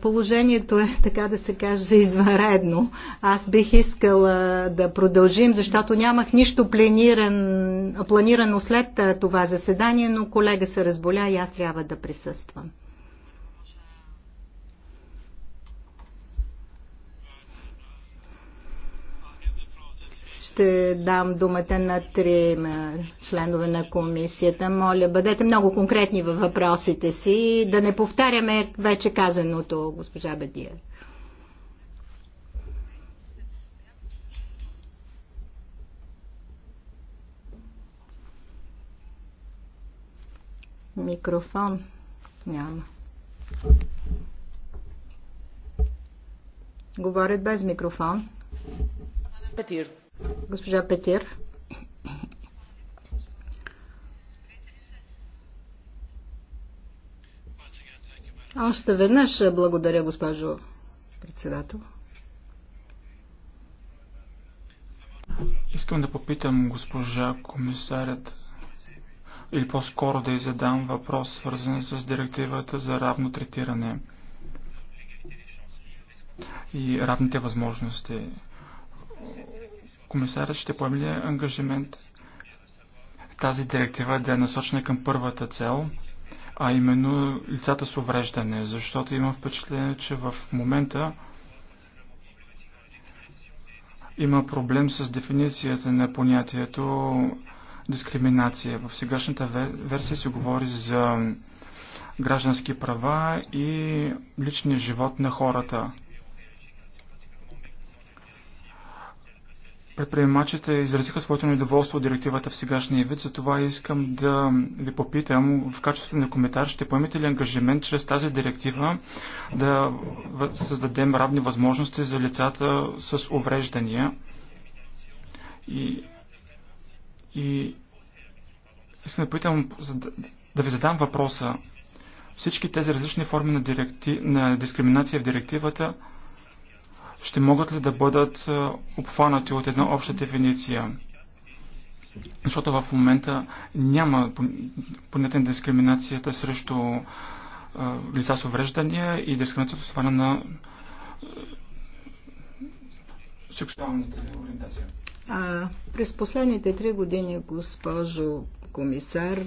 Положението е, така да се каже, за извънредно. Аз бих искала да продължим, защото нямах нищо планиран, планирано след това заседание, но колега се разболя и аз трябва да присъствам. ще дам думата на три членове на комисията. Моля, бъдете много конкретни във въпросите си и да не повтаряме вече казаното, госпожа Бедия. Микрофон няма. Говорят без микрофон. Петир. Госпожа Петер. Още веднъж благодаря, госпожо председател. Искам да попитам госпожа комисарят или по-скоро да й задам въпрос, свързан с директивата за равно третиране и равните възможности комисарът ще поеме ли ангажимент тази директива да е насочена към първата цел, а именно лицата с увреждане, защото имам впечатление, че в момента има проблем с дефиницията на понятието дискриминация. В сегашната версия се говори за граждански права и личния живот на хората. Предприемачите изразиха своето недоволство от директивата в сегашния вид, затова искам да ви попитам в качеството на коментар, ще поемете ли ангажимент чрез тази директива да създадем равни възможности за лицата с увреждания и, и искам да питам, да ви задам въпроса. Всички тези различни форми на, директи... на дискриминация в директивата ще могат ли да бъдат обхванати от една обща дефиниция? Защото в момента няма понятен дискриминацията срещу лица с увреждания и дискриминацията с това на сексуалната ориентация. А, през последните три години, госпожо комисар,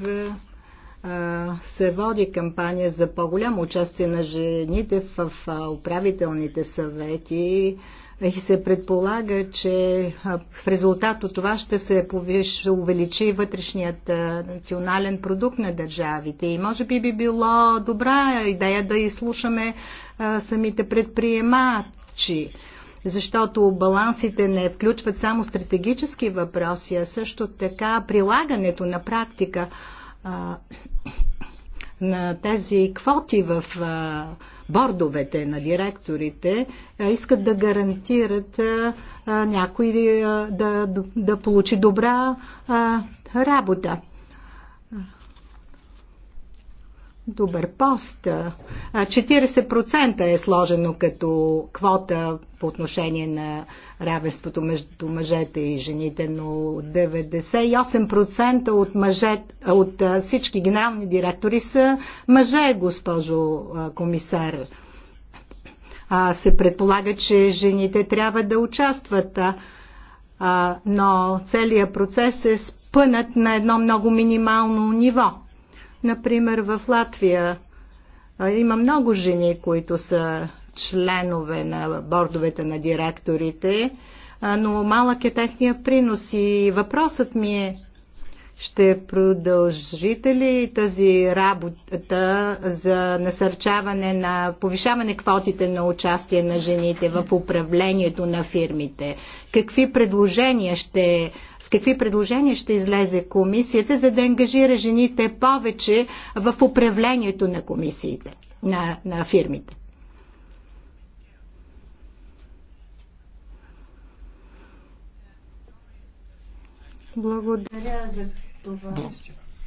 се води кампания за по-голямо участие на жените в управителните съвети и се предполага, че в резултат от това ще се повиш, увеличи вътрешният национален продукт на държавите. И може би би било добра идея да изслушаме самите предприемачи защото балансите не включват само стратегически въпроси, а също така прилагането на практика. на тези квоти в бордовете на директорите искат да гарантират някой да, да получи добра работа. добър пост. 40% е сложено като квота по отношение на равенството между мъжете и жените, но 98% от, мъже, от всички генерални директори са мъже, госпожо комисар. А, се предполага, че жените трябва да участват, а, но целият процес е спънат на едно много минимално ниво. Например, в Латвия има много жени, които са членове на бордовете на директорите, но малък е техния принос и въпросът ми е ще продължите ли тази работа за насърчаване на повишаване квотите на участие на жените в управлението на фирмите? Какви предложения ще, с какви предложения ще излезе комисията, за да ангажира жените повече в управлението на комисиите, на, на фирмите? Благодаря за това.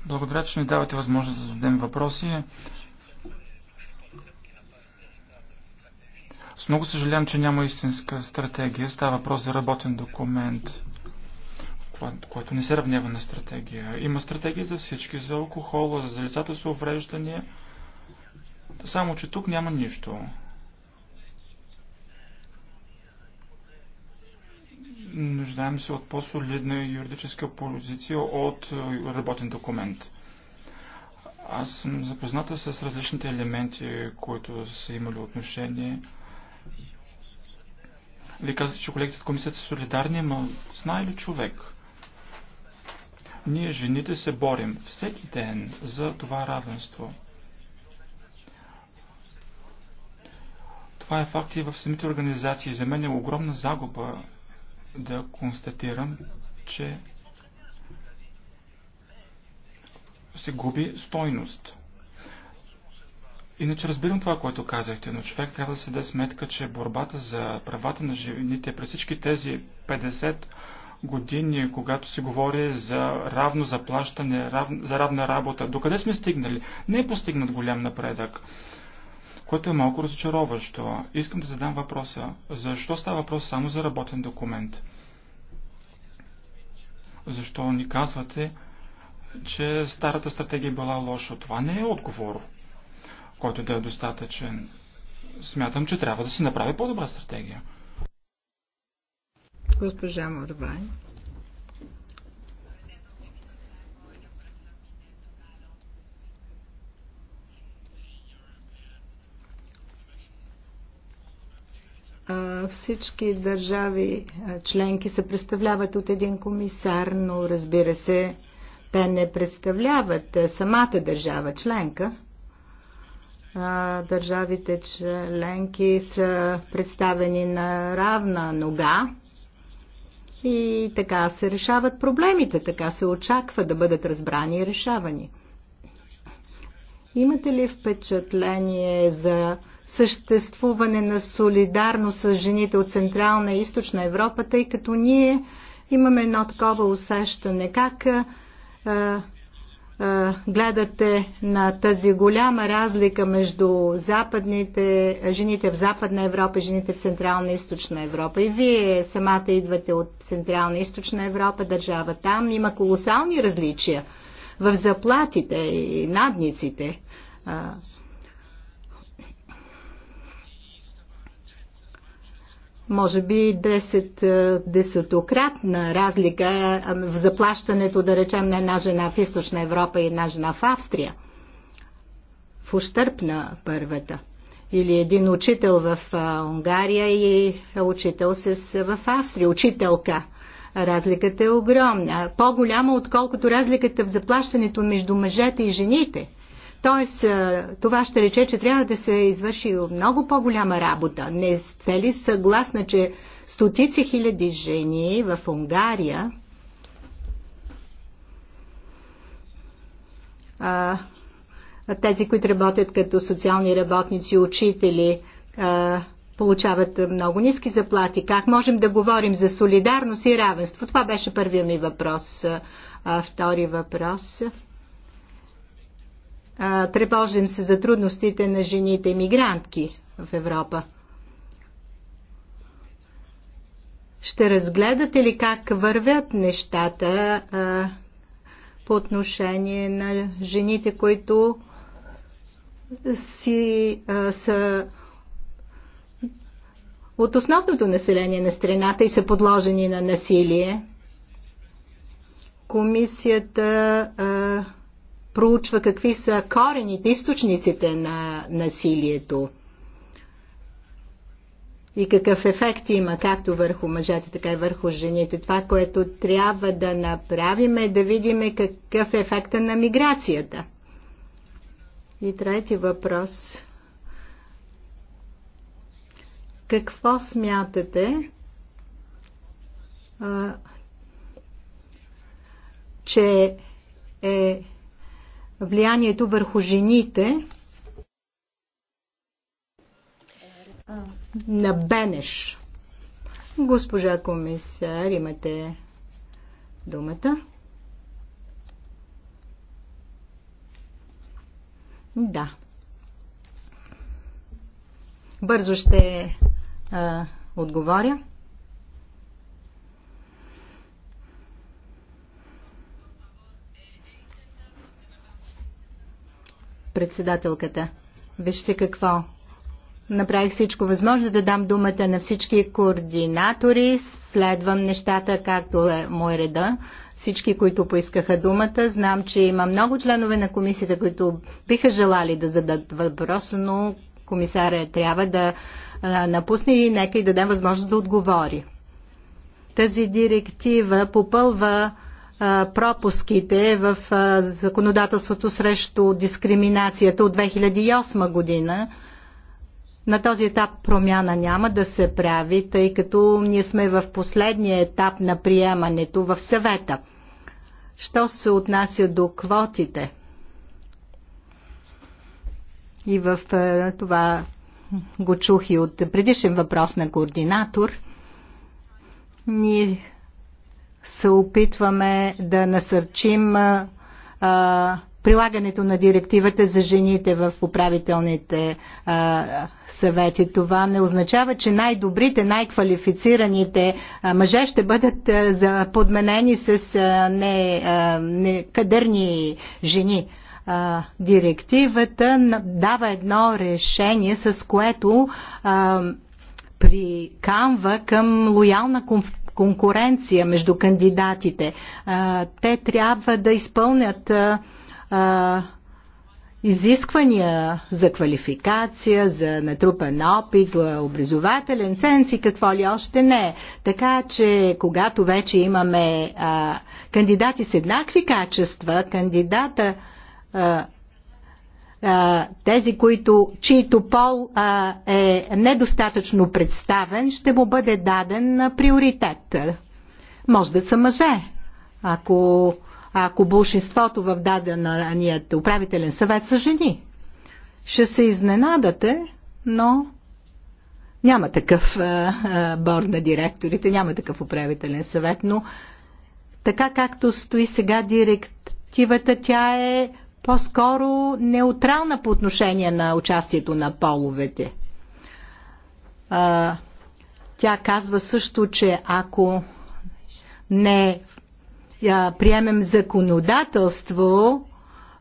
Благодаря, че ми давате възможност да зададем въпроси. С много съжалявам, че няма истинска стратегия. Става въпрос за работен документ, който не се равнява на стратегия. Има стратегия за всички, за алкохола, за лицата с увреждания. Само, че тук няма нищо. Нуждаем се от по-солидна юридическа позиция от е, работен документ. Аз съм запозната с различните елементи, които са имали отношение. Вие казвате, че колегите от комисията са солидарни, но знае ли човек? Ние, жените, се борим всеки ден за това равенство. Това е факт и в самите организации. За мен е огромна загуба да констатирам, че се губи стойност. Иначе разбирам това, което казахте, но човек трябва да се даде сметка, че борбата за правата на жените през всички тези 50 години, когато се говори за равно заплащане, рав... за равна работа, докъде сме стигнали? Не е постигнат голям напредък което е малко разочароващо. Искам да задам въпроса. Защо става въпрос само за работен документ? Защо ни казвате, че старата стратегия е била лоша? Това не е отговор, който да е достатъчен. Смятам, че трябва да се направи по-добра стратегия. Госпожа Морбай. Всички държави членки се представляват от един комисар, но разбира се, те не представляват самата държава членка. Държавите членки са представени на равна нога и така се решават проблемите, така се очаква да бъдат разбрани и решавани. Имате ли впечатление за съществуване на солидарност с жените от Централна и Източна Европа, тъй като ние имаме едно такова усещане. Как а, а, гледате на тази голяма разлика между западните, жените в Западна Европа и жените в Централна и Източна Европа. И вие самата идвате от Централна и Източна Европа, държава там. Има колосални различия в заплатите и надниците. може би 10, е, десетократна разлика е, в заплащането, да речем, на една жена в Източна Европа и една жена в Австрия. В ущърп на първата. Или един учител в е, Унгария и учител с, в Австрия, учителка. Разликата е огромна. По-голяма, отколкото разликата в заплащането между мъжете и жените – Тоест, това ще рече, че трябва да се извърши много по-голяма работа. Не сте ли съгласна, че стотици хиляди жени в Унгария а, тези, които работят като социални работници, учители, а, получават много ниски заплати. Как можем да говорим за солидарност и равенство? Това беше първият ми въпрос. А, втори въпрос а, тревожим се за трудностите на жените мигрантки в Европа. Ще разгледате ли как вървят нещата а, по отношение на жените, които си а, са от основното население на страната и са подложени на насилие? Комисията а, проучва какви са корените, източниците на насилието и какъв ефект има както върху мъжете, така и върху жените. Това, което трябва да направим е да видим какъв е ефекта на миграцията. И трети въпрос. Какво смятате, а, че е влиянието върху жените на Бенеш. Госпожа комисар, имате думата. Да. Бързо ще а, отговоря. председателката. Вижте какво. Направих всичко възможно да дам думата на всички координатори. Следвам нещата както е мой реда. Всички, които поискаха думата. Знам, че има много членове на комисията, които биха желали да зададат въпрос, но комисаря трябва да напусне и нека и дадем възможност да отговори. Тази директива попълва пропуските в законодателството срещу дискриминацията от 2008 година. На този етап промяна няма да се прави, тъй като ние сме в последния етап на приемането в съвета. Що се отнася до квотите? И в това го чух и от предишен въпрос на координатор. Ние се опитваме да насърчим а, прилагането на директивата за жените в управителните а, съвети. Това не означава, че най-добрите, най-квалифицираните мъже ще бъдат а, подменени с а, не, а, не кадърни жени. А, директивата дава едно решение, с което а, приканва към лоялна конкуренция конкуренция между кандидатите. Те трябва да изпълнят изисквания за квалификация, за натрупан опит, образователен ценз и какво ли още не. Така че, когато вече имаме а, кандидати с еднакви качества, кандидата а, а, тези, които, чието пол а, е недостатъчно представен, ще му бъде даден приоритет. Може да са мъже, ако, ако большинството в даденият управителен съвет са жени. Ще се изненадате, но няма такъв а, а, борд на директорите, няма такъв управителен съвет, но така както стои сега директивата, тя е по-скоро неутрална по отношение на участието на половете. А, тя казва също, че ако не а, приемем законодателство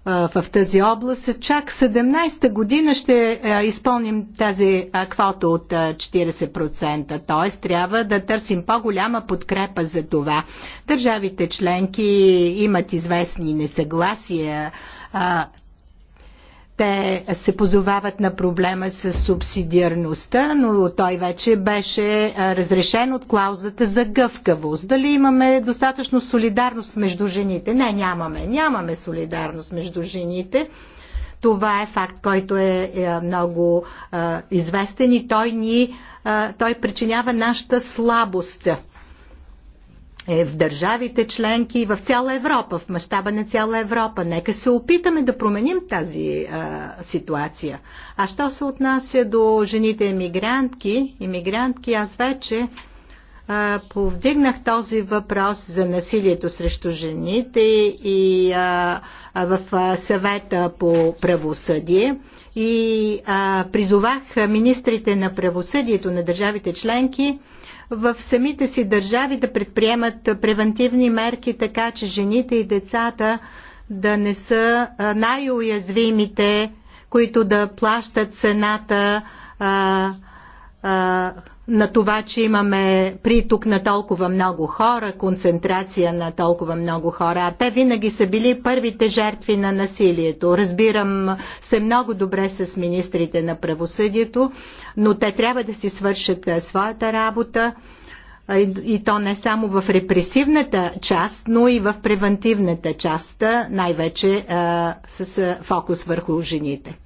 а, в тази област, чак 17-та година ще а, изпълним тази а, квота от а, 40%. Т.е. трябва да търсим по-голяма подкрепа за това. Държавите членки имат известни несъгласия. А, те се позовават на проблема с субсидиарността, но той вече беше разрешен от клаузата за гъвкавост. Дали имаме достатъчно солидарност между жените? Не, нямаме. Нямаме солидарност между жените. Това е факт, който е, е много известен и той, ни, той причинява нашата слабост е в държавите членки и в цяла Европа, в мащаба на цяла Европа. Нека се опитаме да променим тази а, ситуация. А що се отнася до жените емигрантки, емигрантки аз вече а, повдигнах този въпрос за насилието срещу жените и а, в съвета по правосъдие и а, призовах министрите на правосъдието на държавите членки в самите си държави да предприемат превентивни мерки, така че жените и децата да не са най-уязвимите, които да плащат цената а, а, на това, че имаме приток на толкова много хора, концентрация на толкова много хора, а те винаги са били първите жертви на насилието. Разбирам се много добре с министрите на правосъдието, но те трябва да си свършат е, своята работа и то не само в репресивната част, но и в превентивната част, най-вече с фокус върху жените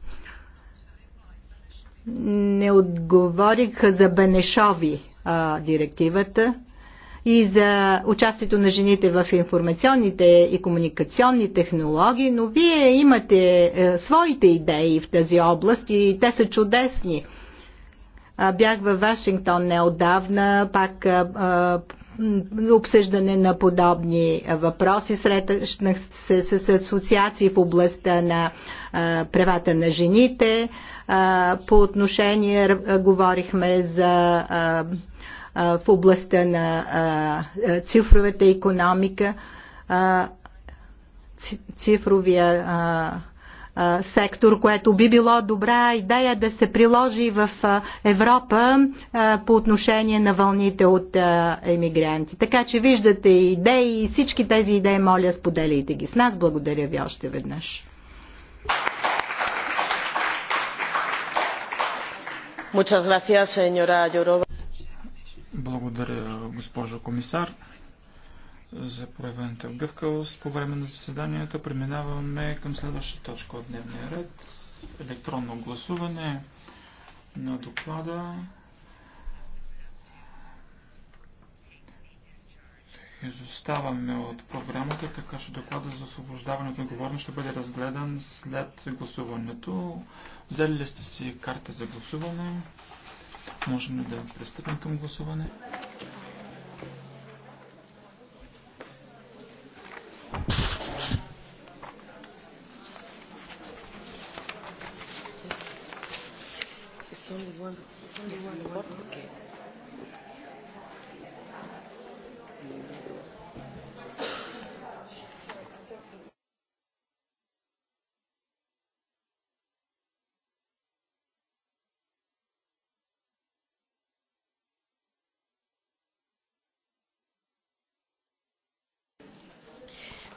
не отговориха за Бенешови а, директивата и за участието на жените в информационните и комуникационни технологии, но вие имате е, своите идеи в тази област и те са чудесни. А, бях във Вашингтон неодавна, пак а, обсъждане на подобни въпроси. Срещнах се с асоциации в областта на а, правата на жените. А, по отношение говорихме за в областта на цифровата економика, цифровия сектор, което би било добра идея да се приложи в Европа по отношение на вълните от емигранти. Така че виждате идеи и всички тези идеи, моля, споделяйте ги с нас. Благодаря ви още веднъж. Благодаря, госпожо комисар, за проявената гъвкавост по време на заседанието. Преминаваме към следващата точка от дневния ред. Електронно гласуване на доклада. изоставаме от програмата, така че доклада за освобождаването от отговорност ще бъде разгледан след гласуването. Взели ли сте си карта за гласуване? Можем да пристъпим към гласуване.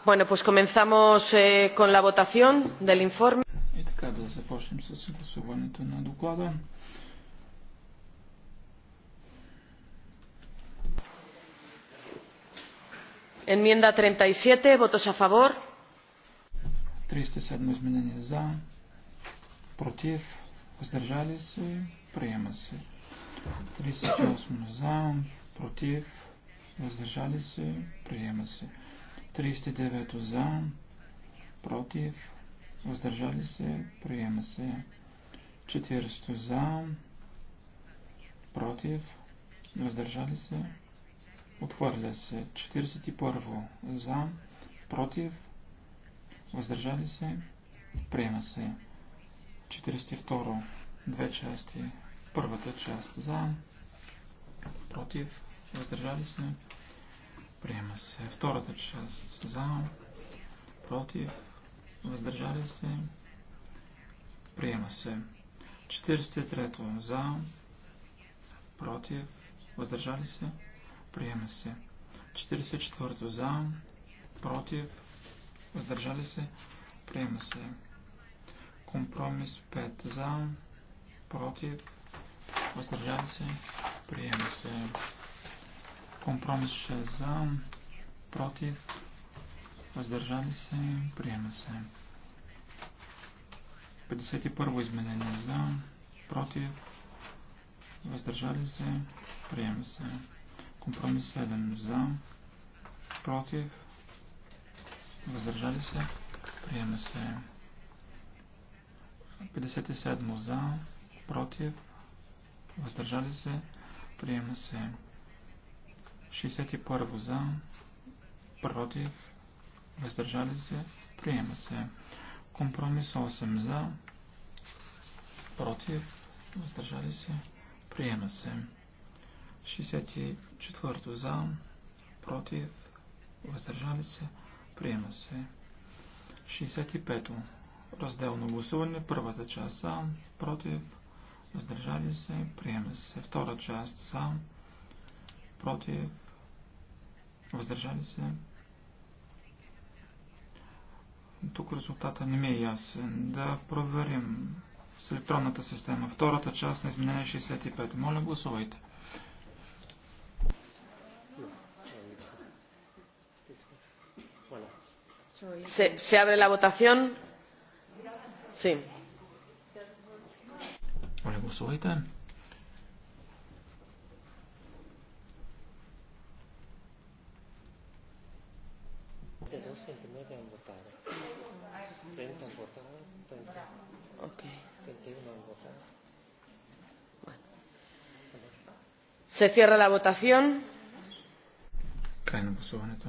Bueno, pues comenzamos eh, con la votación del informe. И така да започнем Enmienda 37, votos a favor. 37 изменение за, против, въздържали се, приема се. 38 за, против, въздържали се, приема се. 39 за, против, въздържали се, приема се. 40 за, против, въздържали се, отхвърля се. 41 за, против, въздържали се, приема се. 42 две части, първата част за, против, въздържали се, Приема се. Втората част за, против, въздържали се. Приема се. 43-то за, против, въздържали се. Приема се. 44-то за, против, въздържали се. Приема се. Компромис 5 за, против, въздържали се. Приема се. Компромис 6 за, против, въздържали се, приема се. 51 изменение за, против, въздържали се, приема се. Компромис 7 за, против, въздържали се, приема се. 57 за, против, въздържали се, приема се. 61 за, против, въздържали се, приема се. Компромис 8 за, против, въздържали се, приема се. 64 за, против, въздържали се, приема се. 65 разделно гласуване, първата част за, против, въздържали се, приема се. Втора част за, против, въздържали се. Тук резултата не ми е ясен. Да проверим с електронната система. Втората част на изменение 65. Моля, гласувайте. абре ла abre Си. Моля, гласувайте. Моля, гласувайте. noi Ok. Bueno. Se cierra la votación. Край на гласуването.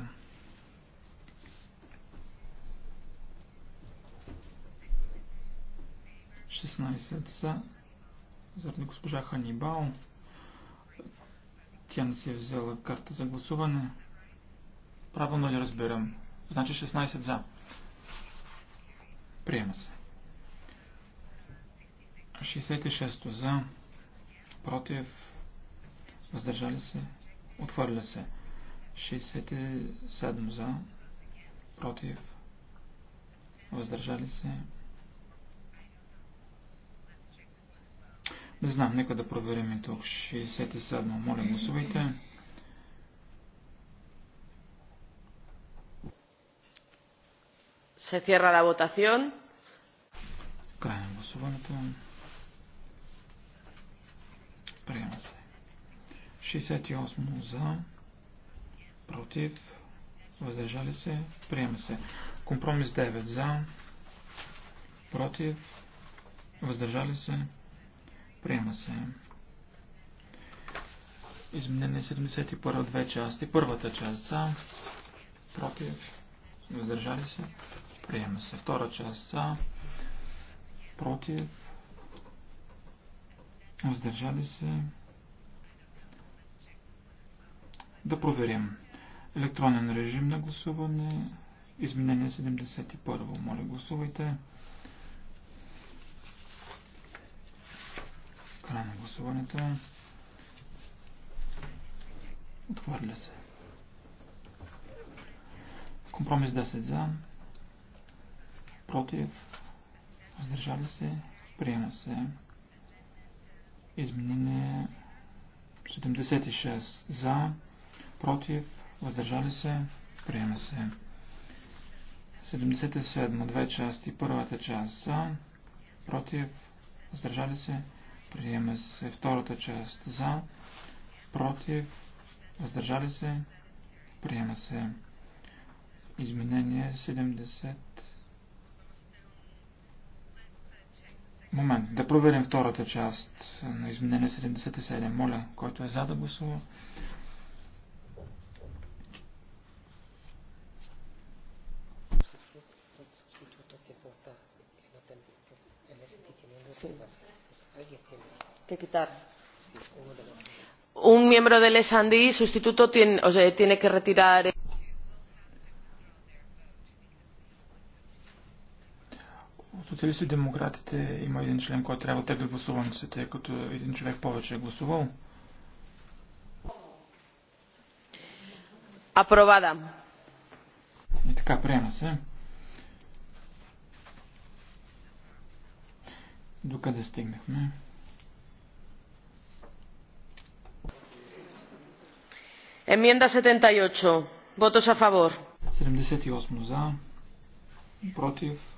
Шестнадесет Тя не си е взела карта за гласуване. Правилно ли разбирам? Значи 16 за. Приема се. 66 за. Против. Въздържали се. Отвърля се. 67 за. Против. Въздържали се. Не знам, нека да проверим и тук. 67. Моля, гласувайте. Се cierra la votación. Край на гласуването. Приема се. 68 за, против, въздържали се, приема се. Компромис 9 за, против, въздържали се, приема се. Изменение 71 две части. Първата част за, против, въздържали се, Приема се втора част за, против, въздържали се. Да проверим. Електронен режим на гласуване. Изменение 71. Моля, гласувайте. Край на гласуването. Отхвърля се. Компромис 10 за против, въздържали се, приема се. Изменение 76 за, против, въздържали се, приема се. 77 две части, първата част за, против, въздържали се, приема се. Втората част за, против, въздържали се, приема се. Изменение 70. Момент, да проверим втората част на изменение 77. Моля, който е за да гласува. Un miembro del ESANDI sustituto, tiene, o sea, tiene que retirar. социалисти и демократите има един член, който трябва да тегли гласуването тъй като един човек повече е гласувал. Апровада. И така, приема се. Докъде стигнахме? Емиенда 78. Вотос а favor. 78 за. Против.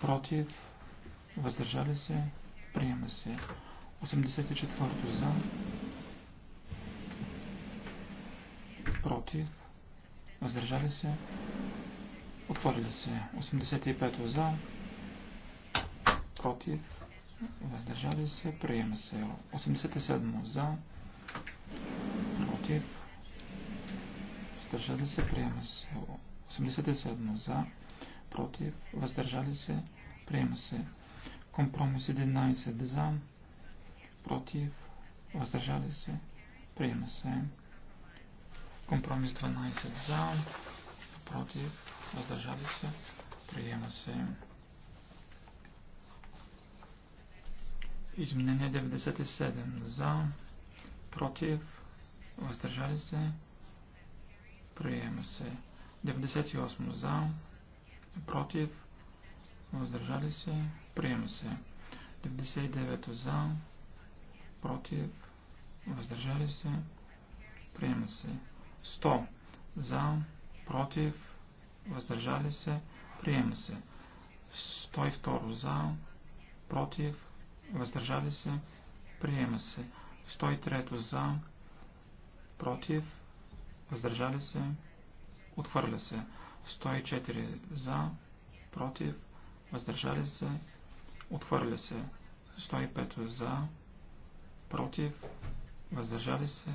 против, въздържали се, приема се. 84 за, против, въздържали се, отворили се. 85 за, против, въздържали се, приема се. 87 за, против, въздържали се, приема се. 87 за, против, въздържали се, приема се. Компромис 11 за, против, въздържали се, приема се. Компромис 12 за, против, въздържали се, приема се. Изменение 97 за, против, въздържали се, приема се. 98 за, против, въздържали се, приема се. 99 за, против, въздържали се, приема се. 100 за, против, въздържали се, приема се. 102 за, против, въздържали се, приема се. 103 за, против, въздържали се, отхвърля се. 104 за, против, въздържали се, отхвърля се. 105 за, против, въздържали се,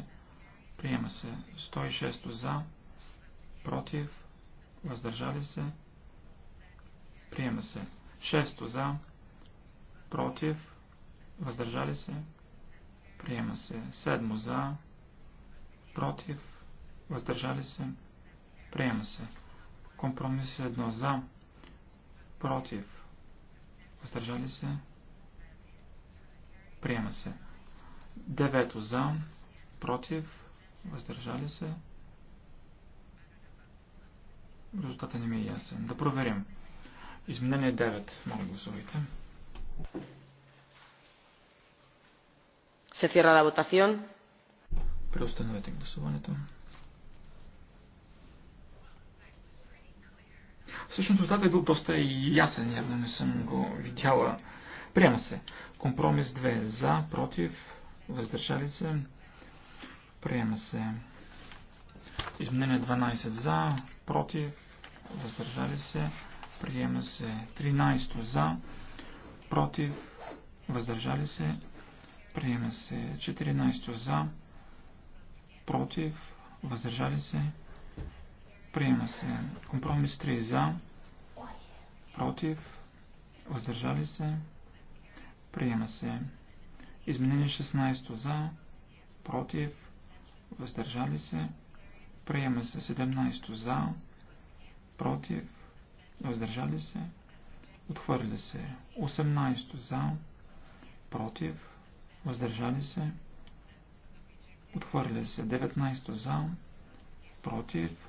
приема се. 106 за, против, въздържали се, приема се. 6 за, против, въздържали се, приема се. 7 за, против, въздържали се, приема се. Компромис 1 за, против, въздържали се, приема се. 9 за, против, въздържали се. Резултата не ми е ясен. Да проверим. Изменение 9. Моля гласувайте. Се cierra la Преустановете гласуването. Всъщност резултатът е бил доста ясен, явно не съм го видяла. Приема се. Компромис 2. За, против, въздържали се. Приема се. Изменение 12. За, против, въздържали се. Приема се. 13. За, против, въздържали се. Приема се. 14. За, против, въздържали се. Приема се. Компромис 3 за. Против. Въздържали се. Приема се. Изменение 16 за. Против. Въздържали се. Приема се 17 за. Против. Въздържали се. Отхвърля се. 18 за. Против. Въздържали се. Отхвърля се. 19 за. Против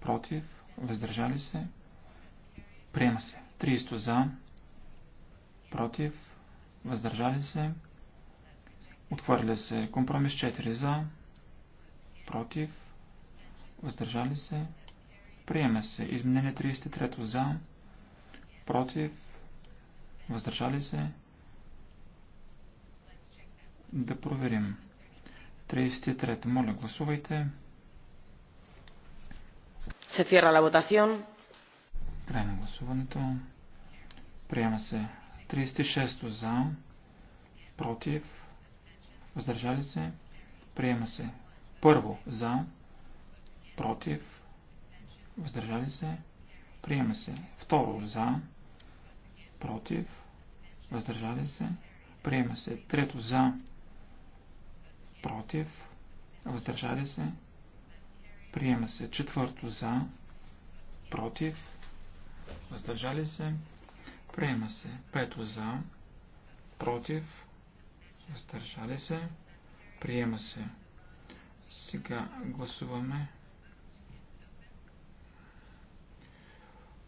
против, въздържали се, приема се. 30 за, против, въздържали се, отхвърля се. Компромис 4 за, против, въздържали се, приема се. Изменение 33 за, против, въздържали се, да проверим. 33. Моля, гласувайте. Се cierra la votación. Край на гласуването. Приема се 36 за, против, въздържали се. Приема се първо за, против, въздържали се. Приема се второ за, против, въздържали се. Приема се трето за, против, въздържали се. Приема се. Четвърто за. Против. Въздържали се. Приема се. Пето за. Против. Въздържали се. Приема се. Сега гласуваме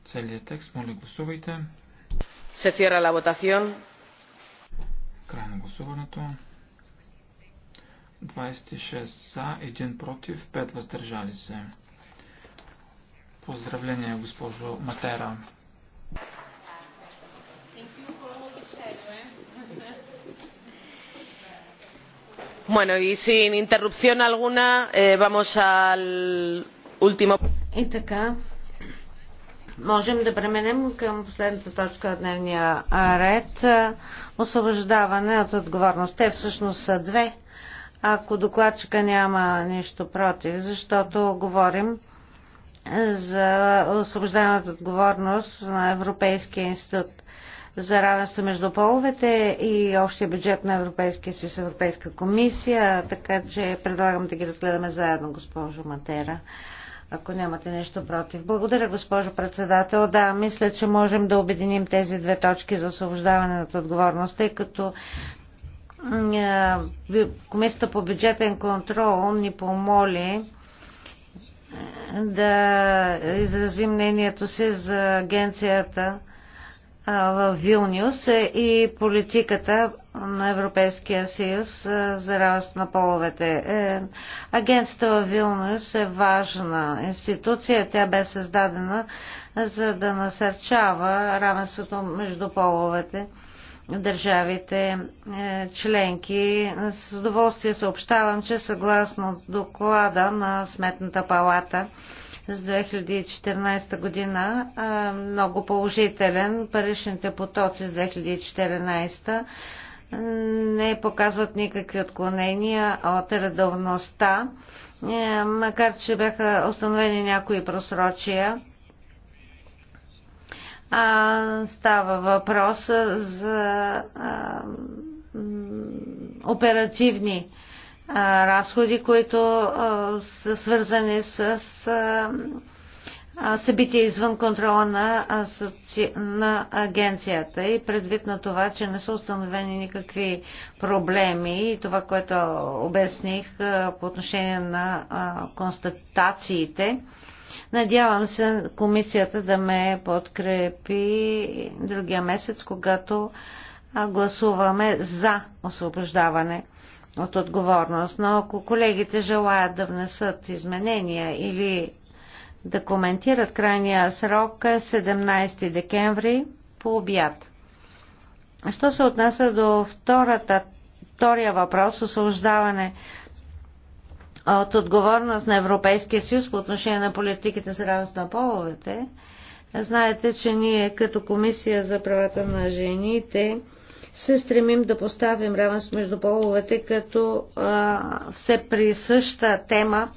целият текст. Моля, гласувайте. Се фиера la Край на гласуването. 26 за, 1 против, 5 въздържали се. Поздравление, госпожо Матера. Bueno, y sin interrupción alguna, eh, vamos al último. И така, можем да преминем към последната точка от дневния ред. Освобождаване от отговорност. Те всъщност са две ако докладчика няма нищо против, защото говорим за освобождаването от отговорност на Европейския институт за равенство между половете и общия бюджет на Европейския съюз, Европейска комисия, така че предлагам да ги разгледаме заедно, госпожо Матера, ако нямате нещо против. Благодаря, госпожо председател. Да, мисля, че можем да обединим тези две точки за освобождаване от отговорност, тъй като Комисията по бюджетен контрол ни помоли е, да изразим мнението си за агенцията в Вилниус и политиката на Европейския съюз е, за равенство на половете. Е, агенцията в Вилниус е важна институция. Тя бе създадена за да насърчава равенството между половете държавите е, членки. С удоволствие съобщавам, че съгласно доклада на Сметната палата с 2014 година е, много положителен. Паричните потоци с 2014 не показват никакви отклонения от редовността, е, макар че бяха установени някои просрочия а, става въпрос за а, оперативни а, разходи, които а, са свързани с а, събития извън контрола на, асоци... на агенцията и предвид на това, че не са установени никакви проблеми и това, което обясних а, по отношение на а, констатациите, а, Надявам се комисията да ме подкрепи другия месец, когато гласуваме за освобождаване от отговорност. Но ако колегите желаят да внесат изменения или да коментират крайния срок е 17 декември по обяд. Що се отнася до втората, втория въпрос, освобождаване от отговорност на Европейския съюз по отношение на политиките за равенство на половете. Знаете, че ние като Комисия за правата на жените се стремим да поставим равенство между половете като а, все присъща тема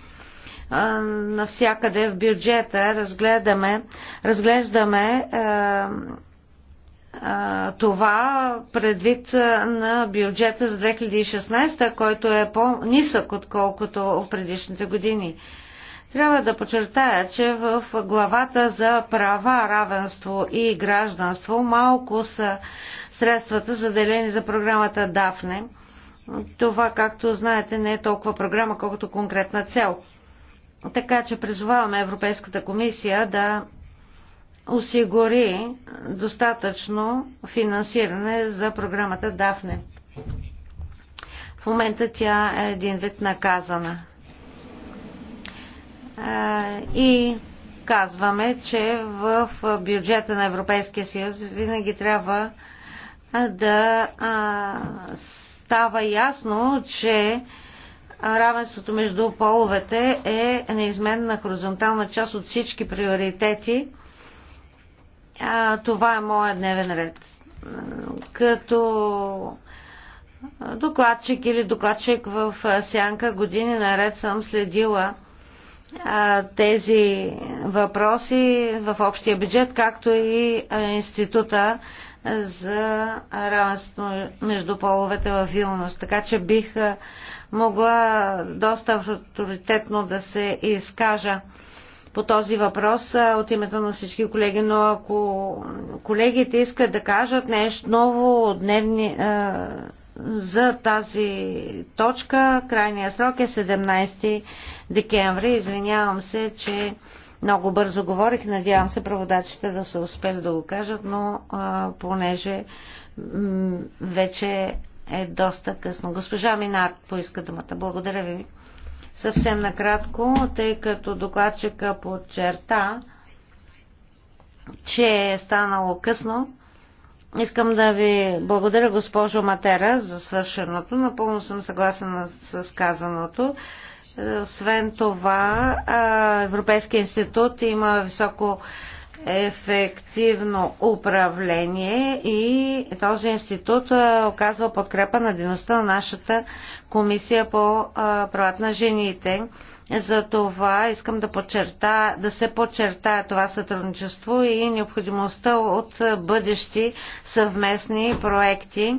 а, навсякъде в бюджета. Разгледаме, разглеждаме а, това предвид на бюджета за 2016, който е по-нисък отколкото в предишните години. Трябва да подчертая, че в главата за права, равенство и гражданство малко са средствата заделени за програмата Дафне. Това, както знаете, не е толкова програма, колкото конкретна цел. Така че призоваваме Европейската комисия да осигури достатъчно финансиране за програмата Дафне. В момента тя е един вид наказана. И казваме, че в бюджета на Европейския съюз винаги трябва да става ясно, че равенството между половете е неизменна хоризонтална част от всички приоритети – а, това е моят дневен ред. Като докладчик или докладчик в сянка години наред съм следила а, тези въпроси в общия бюджет, както и института за равенство между половете в Вилност. Така че бих могла доста авторитетно да се изкажа по този въпрос от името на всички колеги, но ако колегите искат да кажат нещо ново дневни, за тази точка, крайният срок е 17 декември. Извинявам се, че много бързо говорих. Надявам се праводачите да са успели да го кажат, но а, понеже вече е доста късно. Госпожа Минар поиска думата. Благодаря ви. Съвсем накратко, тъй като докладчика подчерта, че е станало късно, искам да ви благодаря, госпожо Матера, за свършеното. Напълно съм съгласена с казаното. Освен това, Европейския институт има високо ефективно управление и този институт оказва подкрепа на дейността на нашата комисия по правата на жените. За това искам да, подчерта, да се подчертая това сътрудничество и необходимостта от бъдещи съвместни проекти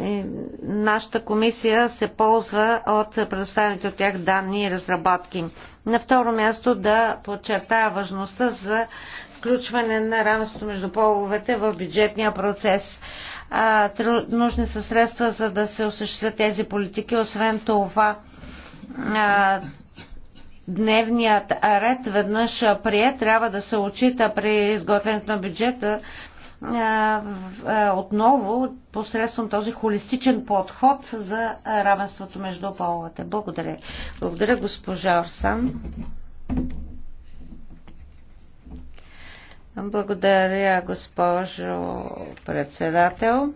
е, нашата комисия се ползва от предоставените от тях данни и разработки. На второ място да подчертая важността за включване на равенството между половете в бюджетния процес. Е, нужни са средства за да се осъществят тези политики. Освен това, е, дневният ред веднъж прият трябва да се очита при изготвянето на бюджета отново посредством този холистичен подход за равенството между половете. Благодаря. Благодаря, госпожа Орсан. Благодаря, госпожо председател.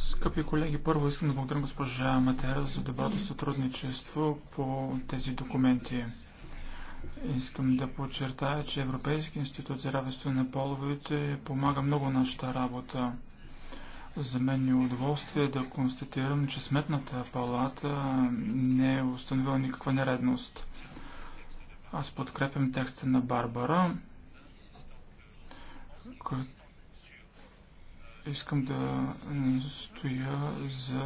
Скъпи колеги, първо искам да благодаря госпожа Матера за доброто сътрудничество по тези документи. Искам да подчертая, че Европейски институт за равенство на половете помага много нашата работа. За мен е удоволствие да констатирам, че Сметната палата не е установила никаква нередност. Аз подкрепям текста на Барбара, Искам да стоя за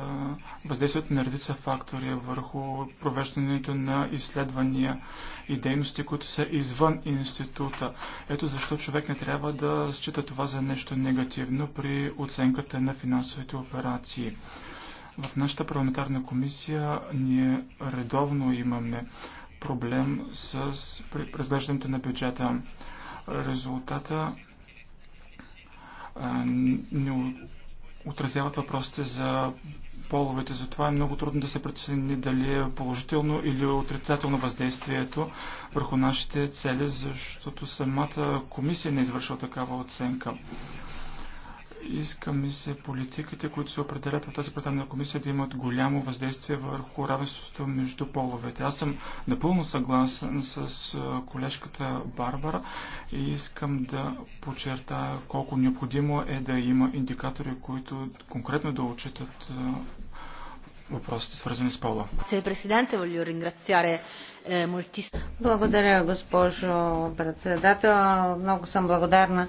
въздействието на редица фактори върху провеждането на изследвания и дейности, които са извън института. Ето защо човек не трябва да счита това за нещо негативно при оценката на финансовите операции. В нашата парламентарна комисия ние редовно имаме проблем с разглеждането на бюджета. Резултата не отразяват въпросите за половете. Затова е много трудно да се прецени дали е положително или отрицателно въздействието върху нашите цели, защото самата комисия не е извършва такава оценка искаме се политиките, които се определят в тази предавна комисия, да имат голямо въздействие върху равенството между половете. Аз съм напълно съгласен с колежката Барбара и искам да подчертая колко необходимо е да има индикатори, които конкретно да отчитат въпросите, свързани с пола. Се президента, ringraziare благодаря, госпожо председател. Много съм благодарна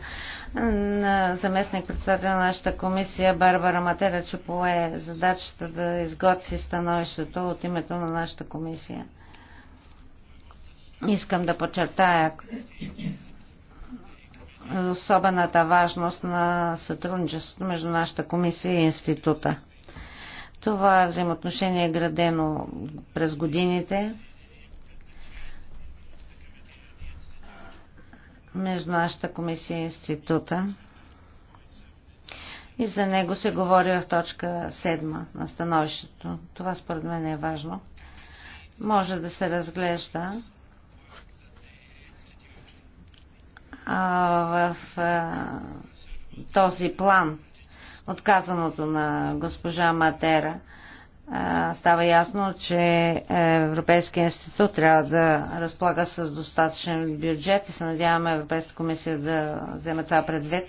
на заместник председател на нашата комисия Барбара Матера, че пое задачата да изготви становището от името на нашата комисия. Искам да подчертая особената важност на сътрудничеството между нашата комисия и института. Това взаимоотношение е градено през годините между нашата комисия и института. И за него се говори в точка 7 на становището. Това според мен е важно. Може да се разглежда в този план, отказаното на госпожа Матера – става ясно, че е, Европейския институт трябва да разполага с достатъчен бюджет и се надяваме Европейската комисия да вземе това предвид.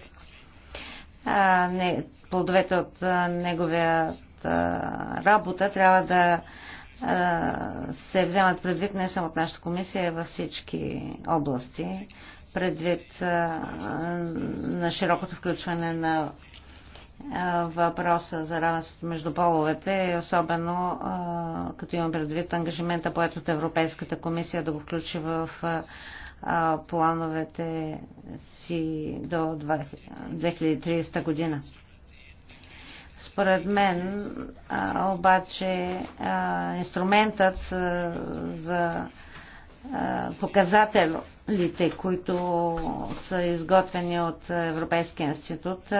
плодовете от неговият работа трябва да се вземат предвид не само от нашата комисия, а във всички области, предвид на широкото включване на въпроса за равенството между половете, е особено като имам предвид ангажимента, поет от Европейската комисия да го включи в плановете си до 2030 година. Според мен обаче инструментът за показателите, които са изготвени от Европейския институт,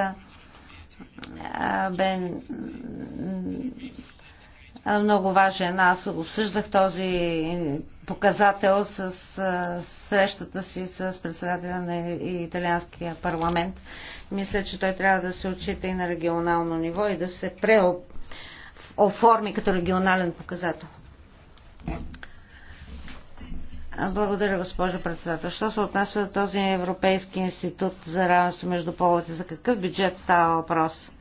бе много важен. Аз обсъждах този показател с срещата си с председателя на Италианския парламент. Мисля, че той трябва да се отчита и на регионално ниво и да се преоформи като регионален показател. Благодаря, госпожо председател. Що се отнася до този Европейски институт за равенство между полите? За какъв бюджет става въпрос?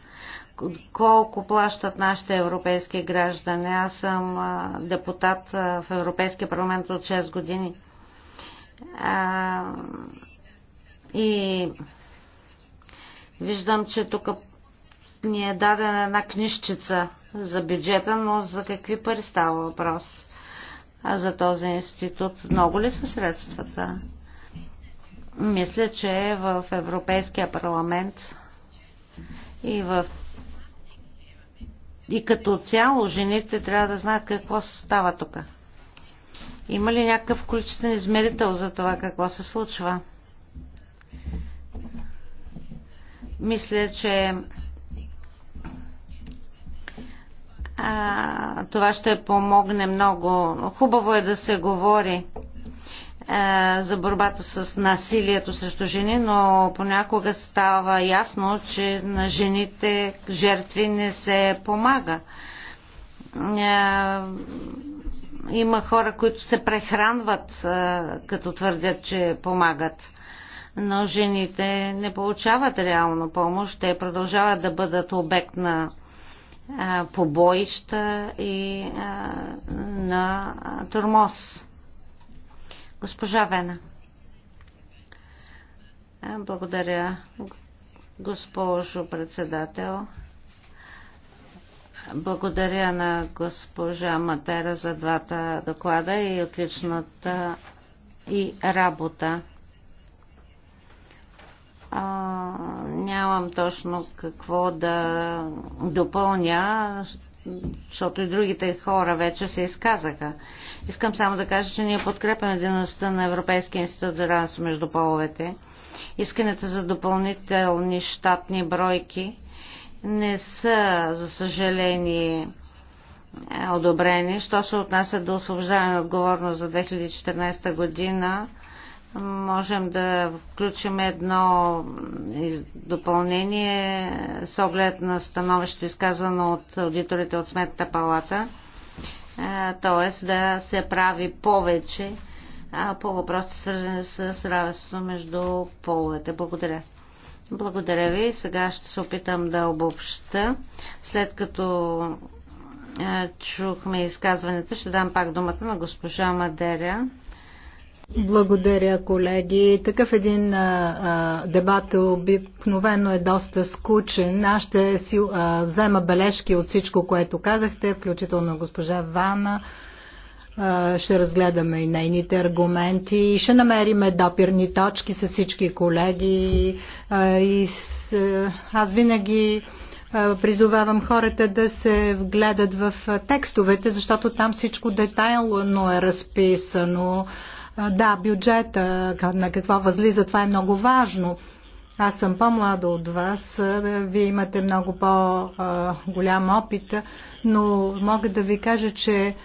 Колко плащат нашите европейски граждани? Аз съм депутат в Европейския парламент от 6 години. И виждам, че тук ни е дадена една книжчица за бюджета, но за какви пари става въпрос? А за този институт. Много ли са средствата? Мисля, че в Европейския парламент и в и като цяло жените трябва да знаят какво се става тук. Има ли някакъв количествен измерител за това какво се случва? Мисля, че А, това ще помогне много. Хубаво е да се говори а, за борбата с насилието срещу жени, но понякога става ясно, че на жените жертви не се помага. А, има хора, които се прехранват, като твърдят, че помагат. Но жените не получават реално помощ, те продължават да бъдат обект на побоища и на тормоз. Госпожа Вена. Благодаря, госпожо председател. Благодаря на госпожа Матера за двата доклада и отличната и работа нямам точно какво да допълня, защото и другите хора вече се изказаха. Искам само да кажа, че ние подкрепяме дейността на Европейския институт за равенство между половете. Исканията за допълнителни щатни бройки не са, за съжаление, одобрени. Що се отнася до освобождаване на отговорност за 2014 година, можем да включим едно допълнение с оглед на становището изказано от аудиторите от Сметната палата, т.е. да се прави повече по въпросите свързани с равенството между половете. Благодаря. Благодаря ви. Сега ще се опитам да обобща. След като е, чухме изказването, ще дам пак думата на госпожа Мадеря. Благодаря, колеги. Такъв един а, дебат обикновено е доста скучен. Аз ще си а, взема бележки от всичко, което казахте, включително госпожа Вана. А, ще разгледаме и нейните аргументи и ще намериме допирни точки с всички колеги. А, и с, а, аз винаги призовавам хората да се вгледат в текстовете, защото там всичко детайлно е разписано. Да, бюджета, на какво възлиза, това е много важно. Аз съм по-млада от вас, вие имате много по-голям опит, но мога да ви кажа, че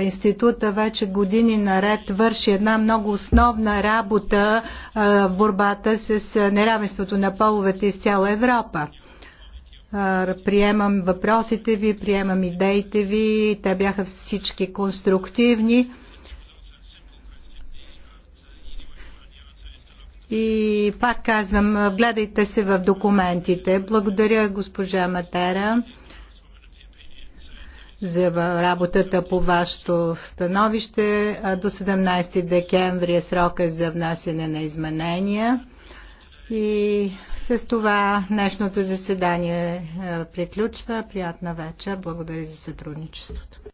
института вече години наред върши една много основна работа в борбата с неравенството на половете из цяла Европа. Приемам въпросите ви, приемам идеите ви, те бяха всички конструктивни. И пак казвам, гледайте се в документите. Благодаря госпожа Матера за работата по вашето становище. До 17 декември е срока за внасяне на изменения. И с това днешното заседание е, приключва. Приятна вечер. Благодаря за сътрудничеството.